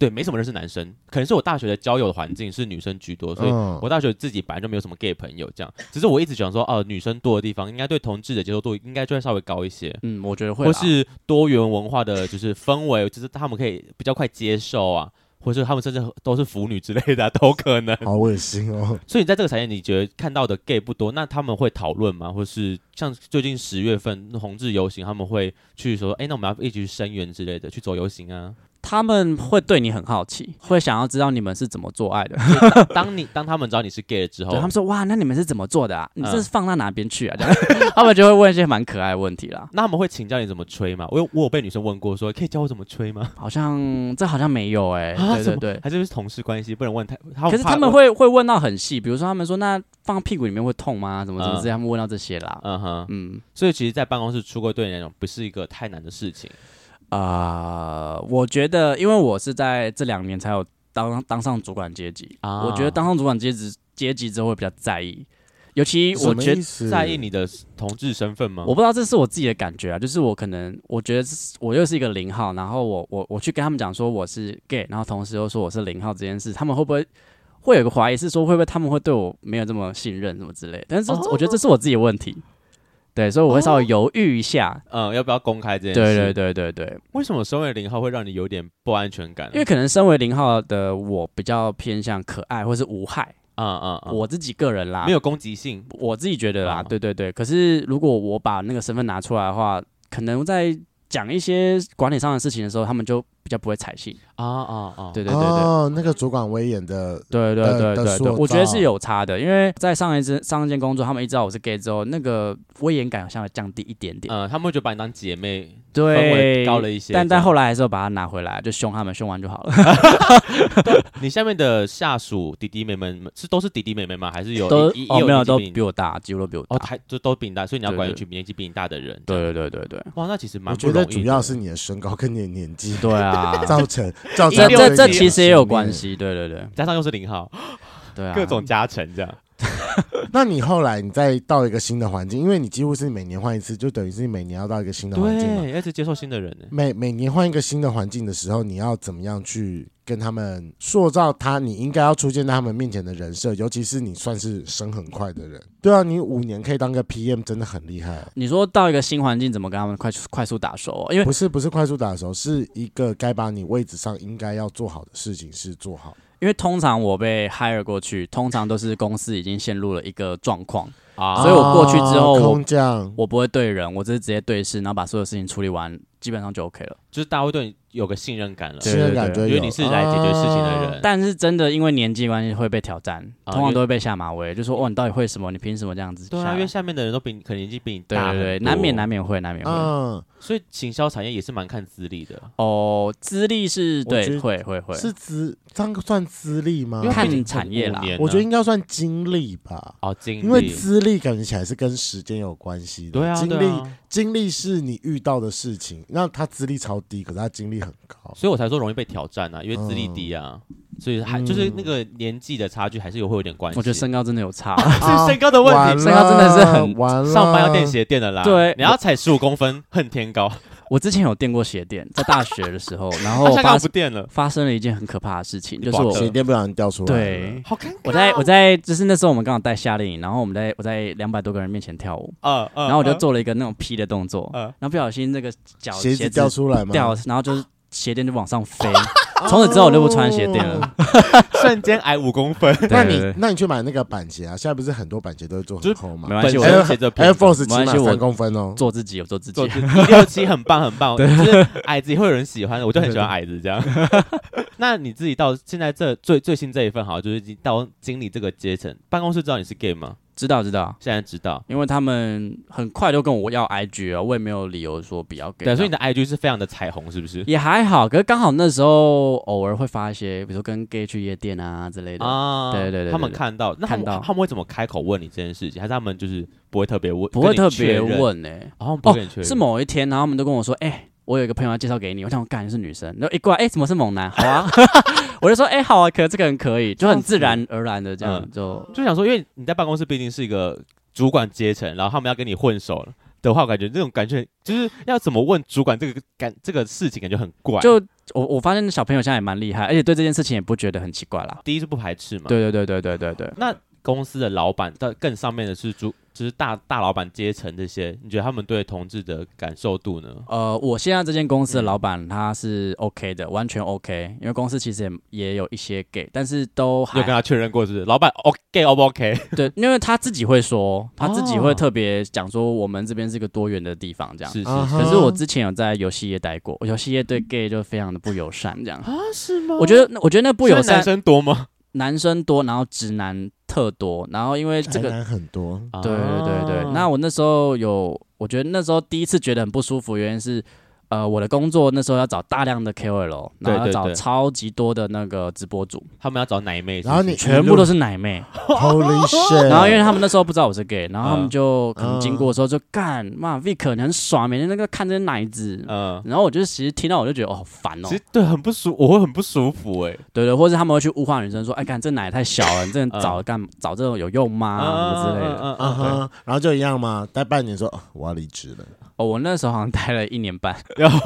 對，沒什麼人是男生，可能是我大學的交友環境是女生居多，所以我大學自己本來就沒有什麼 gay 朋友，這樣。只是我一直想說，哦、啊，女生多的地方應該對同志的接受度應該就會稍微高一些。嗯，我覺得會、啊，或是多元文化的，就是氛圍，就是他們可以比較快接受啊， 或是他們甚至都是腐女之類的、啊、都可能。好噁心哦！所以你在這個產業，你覺得看到的 gay 不多，那他們會討論嗎？或是像最近十月份同志遊行，他們會去說，說，哎，那我們要一起去聲援之類的，去走遊行啊？他們會對你很好奇，會想要知道你們是怎麼做愛的。 當，當你當他們知道你是 gay 了之後， 他們說：“哇，那你們是怎麼做的啊？你這是放到哪邊去啊？”這、嗯、樣， 他們就會問一些蠻可愛的問題啦。 那他們會請教你怎麼吹嗎？我有我有被女生問過說，說可以教我怎麼吹嗎？好像這好像沒有哎、欸啊，對對對，對，還是不，是同事關係不能問太他們。可是他們會會問到很細，比如說他們說：“那放屁股裡面會痛嗎？怎麼怎麼、嗯？”，他們問到這些啦。嗯哼，嗯，所以其實，在辦公室出櫃對你來講不是一個太難的事情。啊、呃，我覺得，因為我是在這兩年才有當當上主管階級啊，我覺得當上主管階級階級之後會比較在意，尤其我覺得在意你的同志身份嗎？我不知道，這是我自己的感覺啊，就是我可能我覺得我又是一個零號，然後我我我去跟他們講說我是 gay，然後同時又說我是零號這件事，他們會不會會有個懷疑是說會不會他們會對我沒有這麼信任什麼之類的？但是我覺得這是我自己的問題。哦哦對，所以我會稍微猶豫一下，哦，嗯，要不要公開這件事？對對對對對。為什麼身為零號會讓你有點不安全感啊？因為可能身為零號的我比較偏向可愛或是無害，嗯嗯嗯，我自己個人啦，沒有攻擊性，我自己覺得啦，嗯，對對對。可是如果我把那個身份拿出來的話，可能在講一些管理上的事情的時候，他們就。比較不會採信啊啊啊！對對對對、哦，那個主管威嚴的，對對對對對，對，我覺得是有差的。因為在上一次上一間工作，他們一知道我是 gay 之後，那個威嚴感好像降低一點點。呃，他們就把你當姐妹，對。高了一些。但在後來的時候，把它拿回來，就凶他們，凶完就好了 。 你下面的下屬弟弟妹妹是都是弟弟妹妹嗎？還是有都、哦哦、沒有都比我大，幾乎都比我大哦，還就都比你大，所以你要管一群年紀比你大的人。對對對對對，對，哇，那其實蠻我覺得主要是你的身高跟你的年紀，對啊。 啊， 造成，造成，這這這其實也有關係，對對對，加上又是零號，對啊，各種加成這樣。 那你後來你再到一個新的環境，因為你幾乎是每年換一次，就等於是你每年要到一個新的環境，對，要一直接受新的人。每每年換一個新的環境的時候，你要怎麼樣去？跟他們塑造他，你應該要出現在他們面前的人設，尤其是你算是升很快的人。對啊，你五年可以當個 PM，真的很厲害。你說到一個新環境，怎麼跟他們快快速打熟啊？因為不是不是快速打熟，是一個該把你位置上應該要做好的事情是做好。因為通常我被 hire 過去，通常都是公司已經陷入了一個狀況啊，所以我過去之後，我，我不會對人，我就是直接對事，然後把所有事情處理完，基本上就 OK 了。就是大家會對你。有個信任感了，對、對、對、對。任感，因為你是來解決事情的人。啊、但是真的因為年紀關係會被挑戰，啊、通常都會被下馬威，就說哦，你到底會什麼？你憑什麼這樣子？對啊，因為下面的人都比你可能年紀比你大很多對、對、對。難免、難免會、難免會。嗯、啊，所以行銷產業也是蠻看資歷的哦。資歷是對，會、會、會是資，這樣算資歷嗎？因為看產業啦，我覺得應該算經歷吧。哦，經歷，因為資歷感覺起來是跟時間有關係的。對啊、對啊，經歷、經歷是你遇到的事情。那他資歷超低，可是他經歷。所以我才說容易被挑戰啊，因為資歷低啊、嗯，所以還就是那個年紀的差距還是有會有點關係。我覺得身高真的有差、啊，啊、身高的問題、啊，身高真的是很，上班要墊鞋墊的電啦，對，你要踩十五公分，恨天高。我之前有墊過鞋墊，在大學的時候，然後發， 我墊了發生了一件很可怕的事情，就是我鞋墊不小心掉出來。對，我在我在，就是那時候我們剛好帶夏令營，然後我們在我在兩百多個人面前跳舞，uh, uh, uh. 然後我就做了一個那種劈的動作，uh. 然後不小心那個腳鞋子掉出來嘛，掉，然後就是鞋墊就往上飛。 從此之後我就不穿鞋墊了，哦，瞬間矮五公分。 那你那你去買那個板鞋啊，現在不是很多板鞋都會做很厚嘛？就是，沒關係，我鞋片子平，我們起碼五公分哦。做自己，我做自己，一六七很棒很棒。很棒對，就是矮子也會有人喜歡的，我就很喜歡矮子這樣。對對對。 那你自己到現在這最最新這一份好，好像就是到經理這個階層，辦公室知道你是 gay 嗎？知道知道，現在知道，因為他們很快就跟我要 IG 啊，我也沒有理由說不要給。對，所以你的 IG 是非常的彩虹，是不是？也還好，可是剛好那時候偶爾會發一些，比如說跟 Gay 去夜店啊之類的、啊、對對對，對,對。他們看到，對對對。那看到他們會怎麼開口問你這件事情？還是他們就是不會特別問，不會特別問哎、欸哦？哦，是某一天，然後他們都跟我說，哎、欸。我有一個朋友要介紹給你，我想我感覺是女生，然後一過來，哎，怎麼是猛男？好啊 我就說，哎，好啊，可是這個人可以，就很自然而然的這樣，嗯、就就想說，因為你在辦公室畢竟是一個主管階層，然後他們要跟你混熟的話，我感覺這種感覺就是要怎麼問主管這個感這個事情，感覺很怪。就我我發現小朋友現在也蠻厲害，而且對這件事情也不覺得很奇怪啦。第一是不排斥嘛。對對對對對對對，對。那。公司的老板，但更上面的是主，就是大大老板階層這些，你覺得他們對同志的感受度呢？呃，我現在這間公司的老板他是 OK 的、嗯，完全 OK，因為公司其實也也有一些 gay，但是都還有跟他確認過是是，是老板 OK，O、okay, 不 OK？對，因為他自己會說，他自己會特別講說，我們這邊是一個多元的地方，這樣是是、啊。可是我之前有在遊戲業待過，遊戲業對 gay 就非常的不友善，這樣啊？是嗎？我覺得我覺得那不友善，男生多嗎？男生多，然後直男。特多，然後因為這個很多，對對對對、啊。那我那時候有，我覺得那時候第一次覺得很不舒服，原因是。呃，我的工作那時候要找大量的 KOL，然後要找超級多的那個直播主，他們要找奶妹是是，然後你全部，全部都是奶妹，好離線。然後因為他們那時候不知道我是 gay，然後他們就可能經過的時候就幹嘛、呃、v i c k 很爽，每天那個看這些奶子、呃。然後我就其實聽到我就覺得哦、喔，好煩哦、喔。其實對，很不舒服，我會很不舒服哎、欸。對對，或者他們會去物化女生，說，哎、欸，看這奶太小了，你這樣找幹、呃、找這種有用嗎？呃、什麼之類的。嗯、呃呃呃 okay. 然後就一樣嘛，待半年說、哦、我要離職了。哦、我那時候好像待了一年半，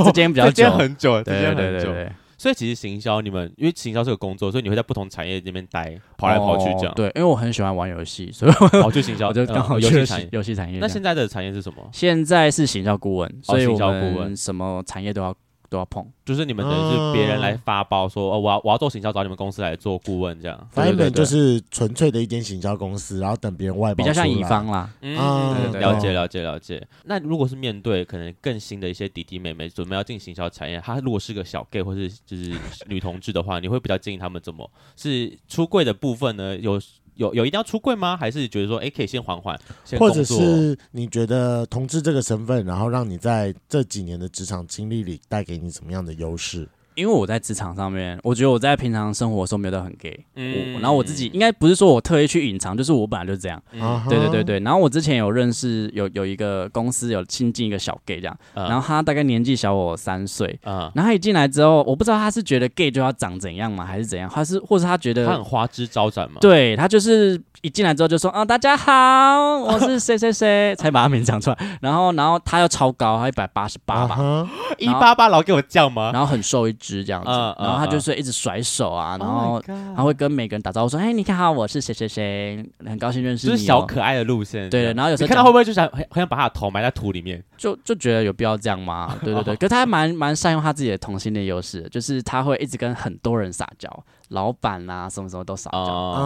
時間 比較久，很久，很久，對對對對。所以其實行銷你們，因為行銷是個工作，所以你會在不同產業裡面待，跑來跑去這樣。哦、對，因為我很喜歡玩遊戲，所以我跑去行銷， 我就剛好遊戲產遊戲產業，戲產業。那現在的產業是什麼？現在是行銷顧問，所以行銷顧問什麼產業都要。都要碰，就是你們等於是別人來發包說，說、呃、哦，我要我要做行銷，找你們公司來做顧問，這樣。反正就是純粹的一間行銷公司，然後等別人外包，比較像乙方啦。嗯，嗯對對對對，了解、了解、了解。那如果是面對可能更新的一些弟弟妹妹，準備要進行銷產業，他如果是個小 gay 或是就是女同志的話，你會比較建議他們怎麼？是出櫃的部分呢？有。有有一定要出櫃嗎？還是覺得說，哎、欸，可以先緩緩，或者是你覺得同志這個身份，然後讓你在這幾年的職場經歷裡帶給你什麼樣的優勢？因為我在職場上面，我覺得我在平常生活上面都很 gay，嗯，我，然後我自己應該不是說我特意去隱藏，就是我本來就是這樣，啊、嗯，對對對對，然後我之前有認識有有一個公司有新進一個小 gay 這樣，嗯、然後他大概年紀小我三歲，啊、嗯，然後他一進來之後，我不知道他是覺得 gay 就要長怎樣嘛，還是怎樣，還是或是他覺得他很花枝招展嗎？對他就是一進來之後就說啊大家好，我是誰誰誰， 才把他名字講出來，然後然後他又超高，他一百八十八吧，一八八老給我叫嗎？然後很瘦一。 只這樣子、嗯嗯，然後他就是一直甩手啊，然後他會跟每個人打招呼說：“哎、oh，你看哈，我是誰誰誰，很高興認識你、哦。”就是小可愛的路線，對。然後有時候，你看到會不會就想很想把他的頭埋在土裡面？就就覺得有必要這樣嗎？對對對， 可是他還蠻蠻善用他自己的同性的優勢的，就是他會一直跟很多人撒嬌，老闆啊什麼什麼都撒嬌，uh,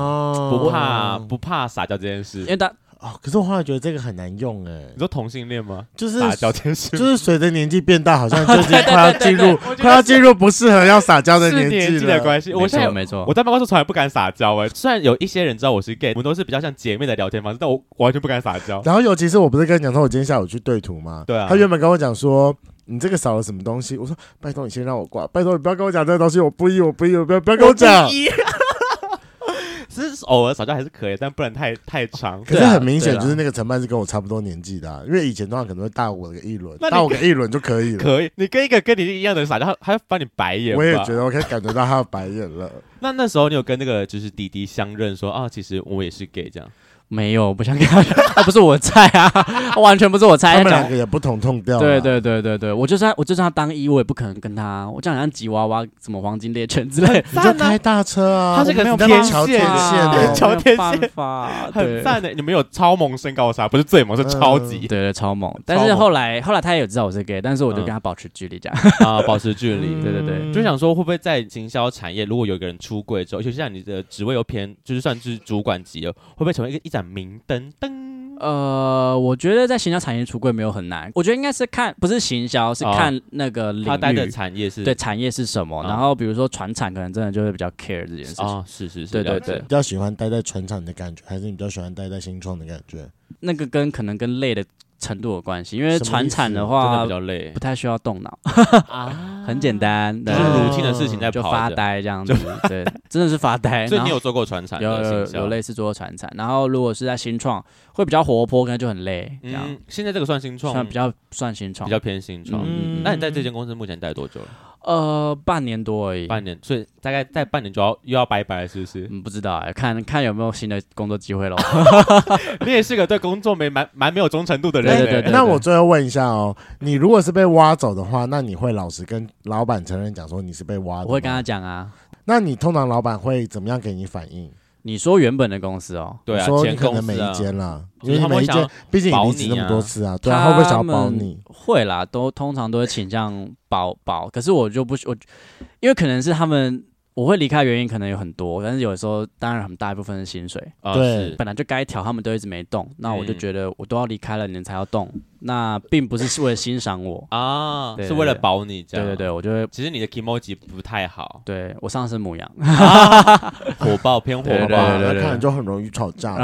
oh. 不怕不怕撒嬌這件事，因為他。哦，可是我後來覺得這個很難用哎、欸。你說同性戀嗎？就是撒嬌天使就是隨着年紀變大，好像最近快要進入、 啊、對對對對對快要進入不適合要撒嬌的年紀的關係。我想在沒錯，我在辦公室從來不敢撒嬌、欸。雖然有一些人知道我是 gay，我們都是比較像姐妹的聊天方式，但我,我完全不敢撒嬌。然後尤其是我不是跟你講說，我今天下午去對圖嗎？對啊。他原本跟我講說，你這個少了什麼東西？我說，拜托你先讓我掛，拜托你不要跟我講這個東西，我不依，我不依，我不依，我不依，我不要不要跟我講。我只是偶爾撒嬌還是可以，但不能太太長。可是很明顯，就是那個陳曼是跟我差不多年紀的、啊啊啊，因為以前的話可能會大我個一輪，大我個一輪就可以了。 可以，你跟一個跟你一樣的人撒嬌，還要翻你白眼。我也覺得，我可以感覺到他的白眼了。 那那時候你有跟那個就是弟弟相認說，說、哦、啊，其實我也是 gay 這樣。沒有，不想跟他他、啊、不是我菜啊，他完全不是我菜。 他們兩個也不同痛,痛掉。對對對對對，我就算我就算他當一，我也不可能跟他。我就好像吉娃娃、什麼黃金獵犬之類的。啊、你就開大車啊，他這個沒有偏天橋、啊天,啊天,啊天,啊、天線，橋天線髮，很讚的。你們有超萌身高差，不是最萌，是超級。嗯、對,對對，超萌。但是後來後來他也有知道我是 gay，但是我就跟他保持距離這樣。嗯、 啊，保持距離、嗯。對對對，就想說會不會在行銷產業，如果有一個人出櫃之後，尤其像你的職位又偏，就是算就是主管級了，會不會成為一個一張明燈燈，呃，我覺得在行銷產業出櫃沒有很難，我覺得應該是看不是行銷，是看那個領域、哦、他待的產業是對產業是什麼。哦、然後比如說傳產，可能真的就會比較 care 這件事情、哦、是是是，對對對，比較喜歡待在傳產的感覺，還是你比較喜歡待在新創的感覺？那個跟可能跟累的。程度有關係，因為傳產的話，比較累，不太需要動腦、啊，很簡單，啊、就是 routine 的事情在跑着，就發呆這樣子，對，真的是發呆。 所以你有做過傳產？有,有有類似做過傳產。然後如果是在新創，會比較活潑，可能就很累。嗯，這樣現在這個算新創，算比較算新創，比較偏新創嗯嗯嗯嗯。那你在這間公司目前待多久了？呃，半年多而已，半年，所以大概在半年就要又要拜拜，是不是？嗯，不知道哎、欸，看看有沒有新的工作機會嘍。 你也是個對工作沒蠻蠻沒有忠誠度的人、欸。對對對，對對對。那我最後問一下哦，你如果是被挖走的話，那你會老實跟老板承認講說你是被挖的？我會跟他講啊。那你通常老板會怎麼樣給你反應？你說原本的公司哦？對啊，說可能每一間啦、啊，因為沒兼、就是啊，畢竟你離職那麼多次啊，對啊，他們想保你，會啦，都通常都會傾向保保，保。可是我就不我，因為可能是他們，我會離開原因可能有很多，但是有時候當然很大一部分是薪水，哦、對，本來就該調，他們都一直沒動，那我就覺得我都要離開了，你們才要動。那並不是為了欣賞我啊對對對，是為了保你這樣。對對對，我覺得其實你的 Kimoji 不太好。對我上次是母羊、啊、 火爆偏火,火爆、啊，那可能就很容易吵架。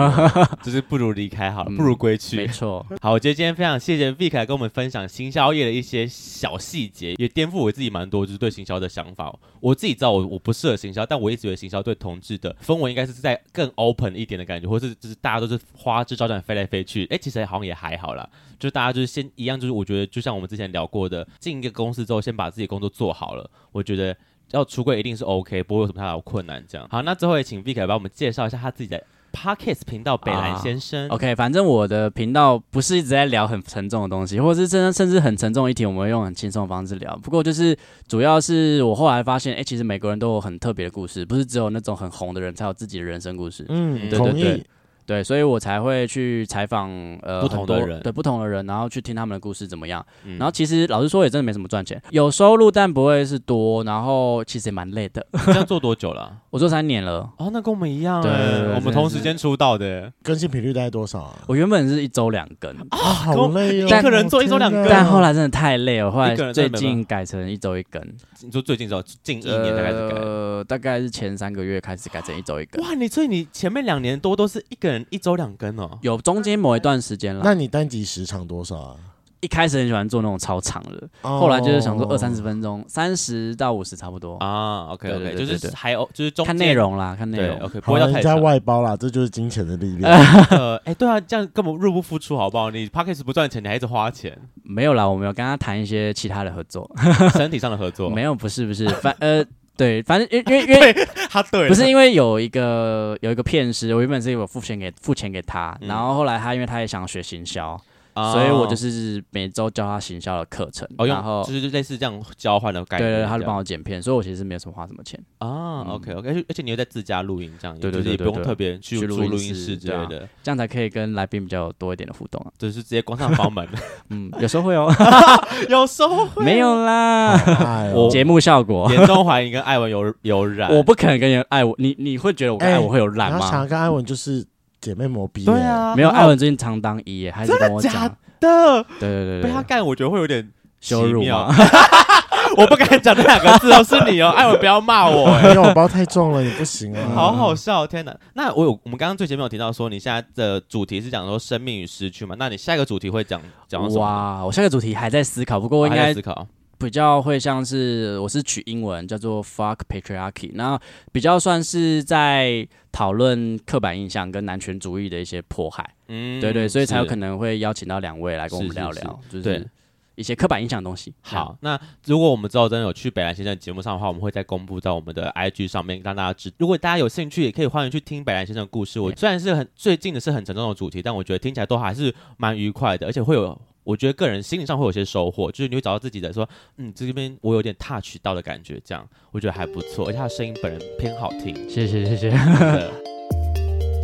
就是不如離開好了，嗯、不如歸去。沒錯。好，我覺得今天非常謝謝 v Vic 來跟我們分享行銷業的一些小細節，也顛覆我自己蠻多，就是對行銷的想法。我自己知道我我不適合行銷，但我一直覺得行銷對同志的氛圍應該是在更 open 一點的感覺，或是就是大家都是花枝招展飛來飛去。哎、欸，其實好像也還好啦。就大。家、啊、就是先一樣，就是我覺得就像我們之前聊過的，進一個公司之後，先把自己工作做好了。我覺得要出櫃一定是 OK，不會有什麼太大的困難。這樣好，那最後也請 Vic 幫我們介紹一下他自己的 Podcast 頻道，北藍先生、啊。OK，反正我的頻道不是一直在聊很沉重的東西，或者是甚至甚至很沉重的一題，我們會用很輕鬆的方式聊。不過就是主要是我後來發現，哎、欸，其實每個人都有很特別的故事，不是只有那種很紅的人才有自己的人生故事。嗯，對對，對。對，所以我才會去採訪呃不同的人，對不同的人，然後去聽他們的故事怎麼樣？嗯。然後其實老實說也真的沒什麼賺錢，有收入但不會是多，然後其實也蠻累的。 這樣做多久了啊？我做三年了，哦，那跟我們一樣對，對，對，我們同時間出道的，更新頻率大概多少？啊、我原本是一周兩更，啊，跟我一個人做一週兩更啊，好累哦，一個人做一周兩更，但後來真的太累了，後來最近改成一周一更一。你說最近只有，哦，近一年大概是？呃，大概是前三個月開始改成一周一更。哇，你所以你前面兩年多都是一個人一周兩更哦，有中間某一段時間了。那你單集時長多少啊？一開始很喜歡做那種超長的，oh, 後來就是想做二三十分鐘，三、oh. 十到五十差不多啊。Oh, OK，o、okay, okay, k 就是還有，就是中間，看內容啦，看內容。OK，不能外包啦，這就是金錢的力量。哎、呃 欸，對啊，這樣根本入不敷出，好不好？你 Podcast 不賺錢，你還一直花錢？沒有啦，我們要跟他談一些其他的合作， 身體上的合作。沒有，不是不是，反呃對，反正因為因為 對他對，不是因為有一個有一個騙師，我原本是有付錢給付錢給他、嗯，然後後來他因為他也想學行銷。Oh. 所以我就是每週教他行銷的課程、oh,，然後就是類似這樣交換的概念，對，對，對，他就幫我剪片，所以我其實是沒有什麼花什麼錢啊。Oh, 嗯、OK，o、okay, okay, k 而且你又在自家錄音，這樣對對對對，也就是也不用特別去錄錄音室之類的、啊，這樣才可以跟來賓比較多一點的互動啊。就是直接關上房門 嗯，有時候會哦、喔， 有時候會、喔、沒有啦。節、喔、 目效果嚴 重懷疑跟艾文有有染， 我不可能跟人艾我，你你會覺得我跟艾文會有染嗎？我、欸、想跟艾文就是。嗯姐妹磨逼，對啊，沒有艾文最近常當一耶，還是假的。對對對對，被他幹，我覺得會有點羞辱 我不敢講這兩個字哦， 是你哦， 艾文不要罵我， 因為我包太重了， 也不行啊！好好笑，哦，天哪！那我有，我們剛剛最前面有提到說，你現在的主題是講說生命與失去嘛，那你下一個主題會講講什麼？哇，我下個主題還在思考，不過我應該、哦、在思考。比較會像是我是取英文叫做 Fuck Patriarchy，那比較算是在討論刻板印象跟男權主義的一些迫害，嗯，對對,對，所以才有可能會邀請到兩位來跟我們聊聊是是是，就是一些刻板印象的東西。是是是好，那如果我們之後真的有去北藍先生的節目上的話，我們會再公布到我們的 IG 上面，讓大家知。如果大家有興趣，也可以歡迎去聽北藍先生的故事。我雖然是很最近的是很沉重的主題，但我覺得聽起來都還是蠻愉快的，而且會有。我覺得個人心理上會有些收穫，就是你會找到自己的，說，嗯，這邊我有點 touch 到的感覺，這樣我覺得還不錯，而且他聲音本人偏好聽。謝謝，謝謝。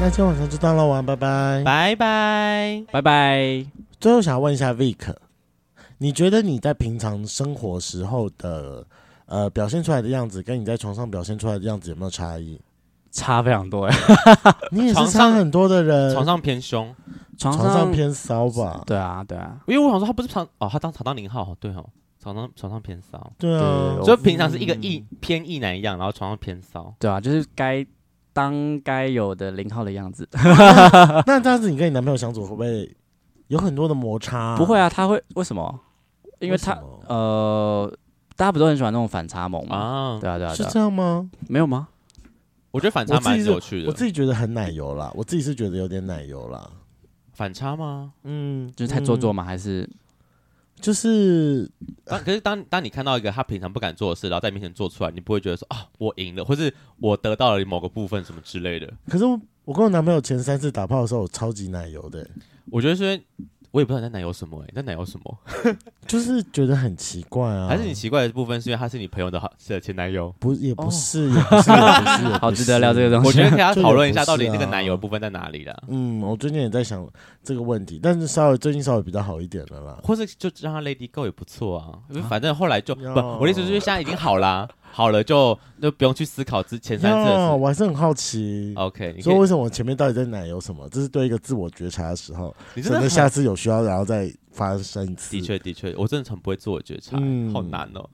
那今天晚上就到嘍，我拜拜，拜拜，拜拜。最後想要問一下 Vic，你覺得你在平常生活時候的呃表現出來的樣子，跟你在床上表現出來的樣子有沒有差異？差非常多呀！ 你也是差很多的人，床上，床上偏兇床上，床上偏騷吧？對啊，對啊。因為我想說他不是常哦，他當床當零號哦，對哦，床上床上偏騷，對啊，就平常是一個異偏異男一樣，然後床上偏騷，對啊，就是該。當該有的零號的樣子那，那這樣子你跟你男朋友相處會不會有很多的摩擦啊？ 不會啊，他會為什麼？因為他為呃，大家不都很喜歡那種反差萌嗎？啊對啊，對啊，啊、是這樣嗎？沒有嗎？我覺得反差蠻有趣的，我，我自己覺得很奶油啦，我自己是覺得有點奶油啦，反差嗎？嗯，就是太做作嗎？還是？嗯就是但，可是當當你看到一個他平常不敢做的事，然後在面前做出來，你不會覺得說啊我贏了，或是我得到了某個部分什麼之類的。可是我，我跟我男朋友前三次打炮的時候，超級奶油的、欸。我覺得是因為我也不知道你在奶油什麼，欸，你在奶油什麼？ 就是覺得很奇怪啊。還是你奇怪的部分是因為他是你朋友的好，是前男友？不，也不是，好值得聊這個東西。我覺得可以討論一下到底那個奶油部分在哪裡了、啊。嗯，我最近也在想這個問題，但是稍微最近稍微比較好一點了啦。或是就讓他 Lady Go 也不錯啊，因為反正後來就、啊、不，我的意思是現在已經好了、啊。好了，就就不用去思考之前三次。Yeah, 我還是很好奇。OK，所以為什麼我前面到底在奶油什、okay, 什,什麼？這是對一個自我覺察的時候。你是的，下次有需要然後再發生一次。的確的確，我真的很不會自我覺察。嗯，好難哦。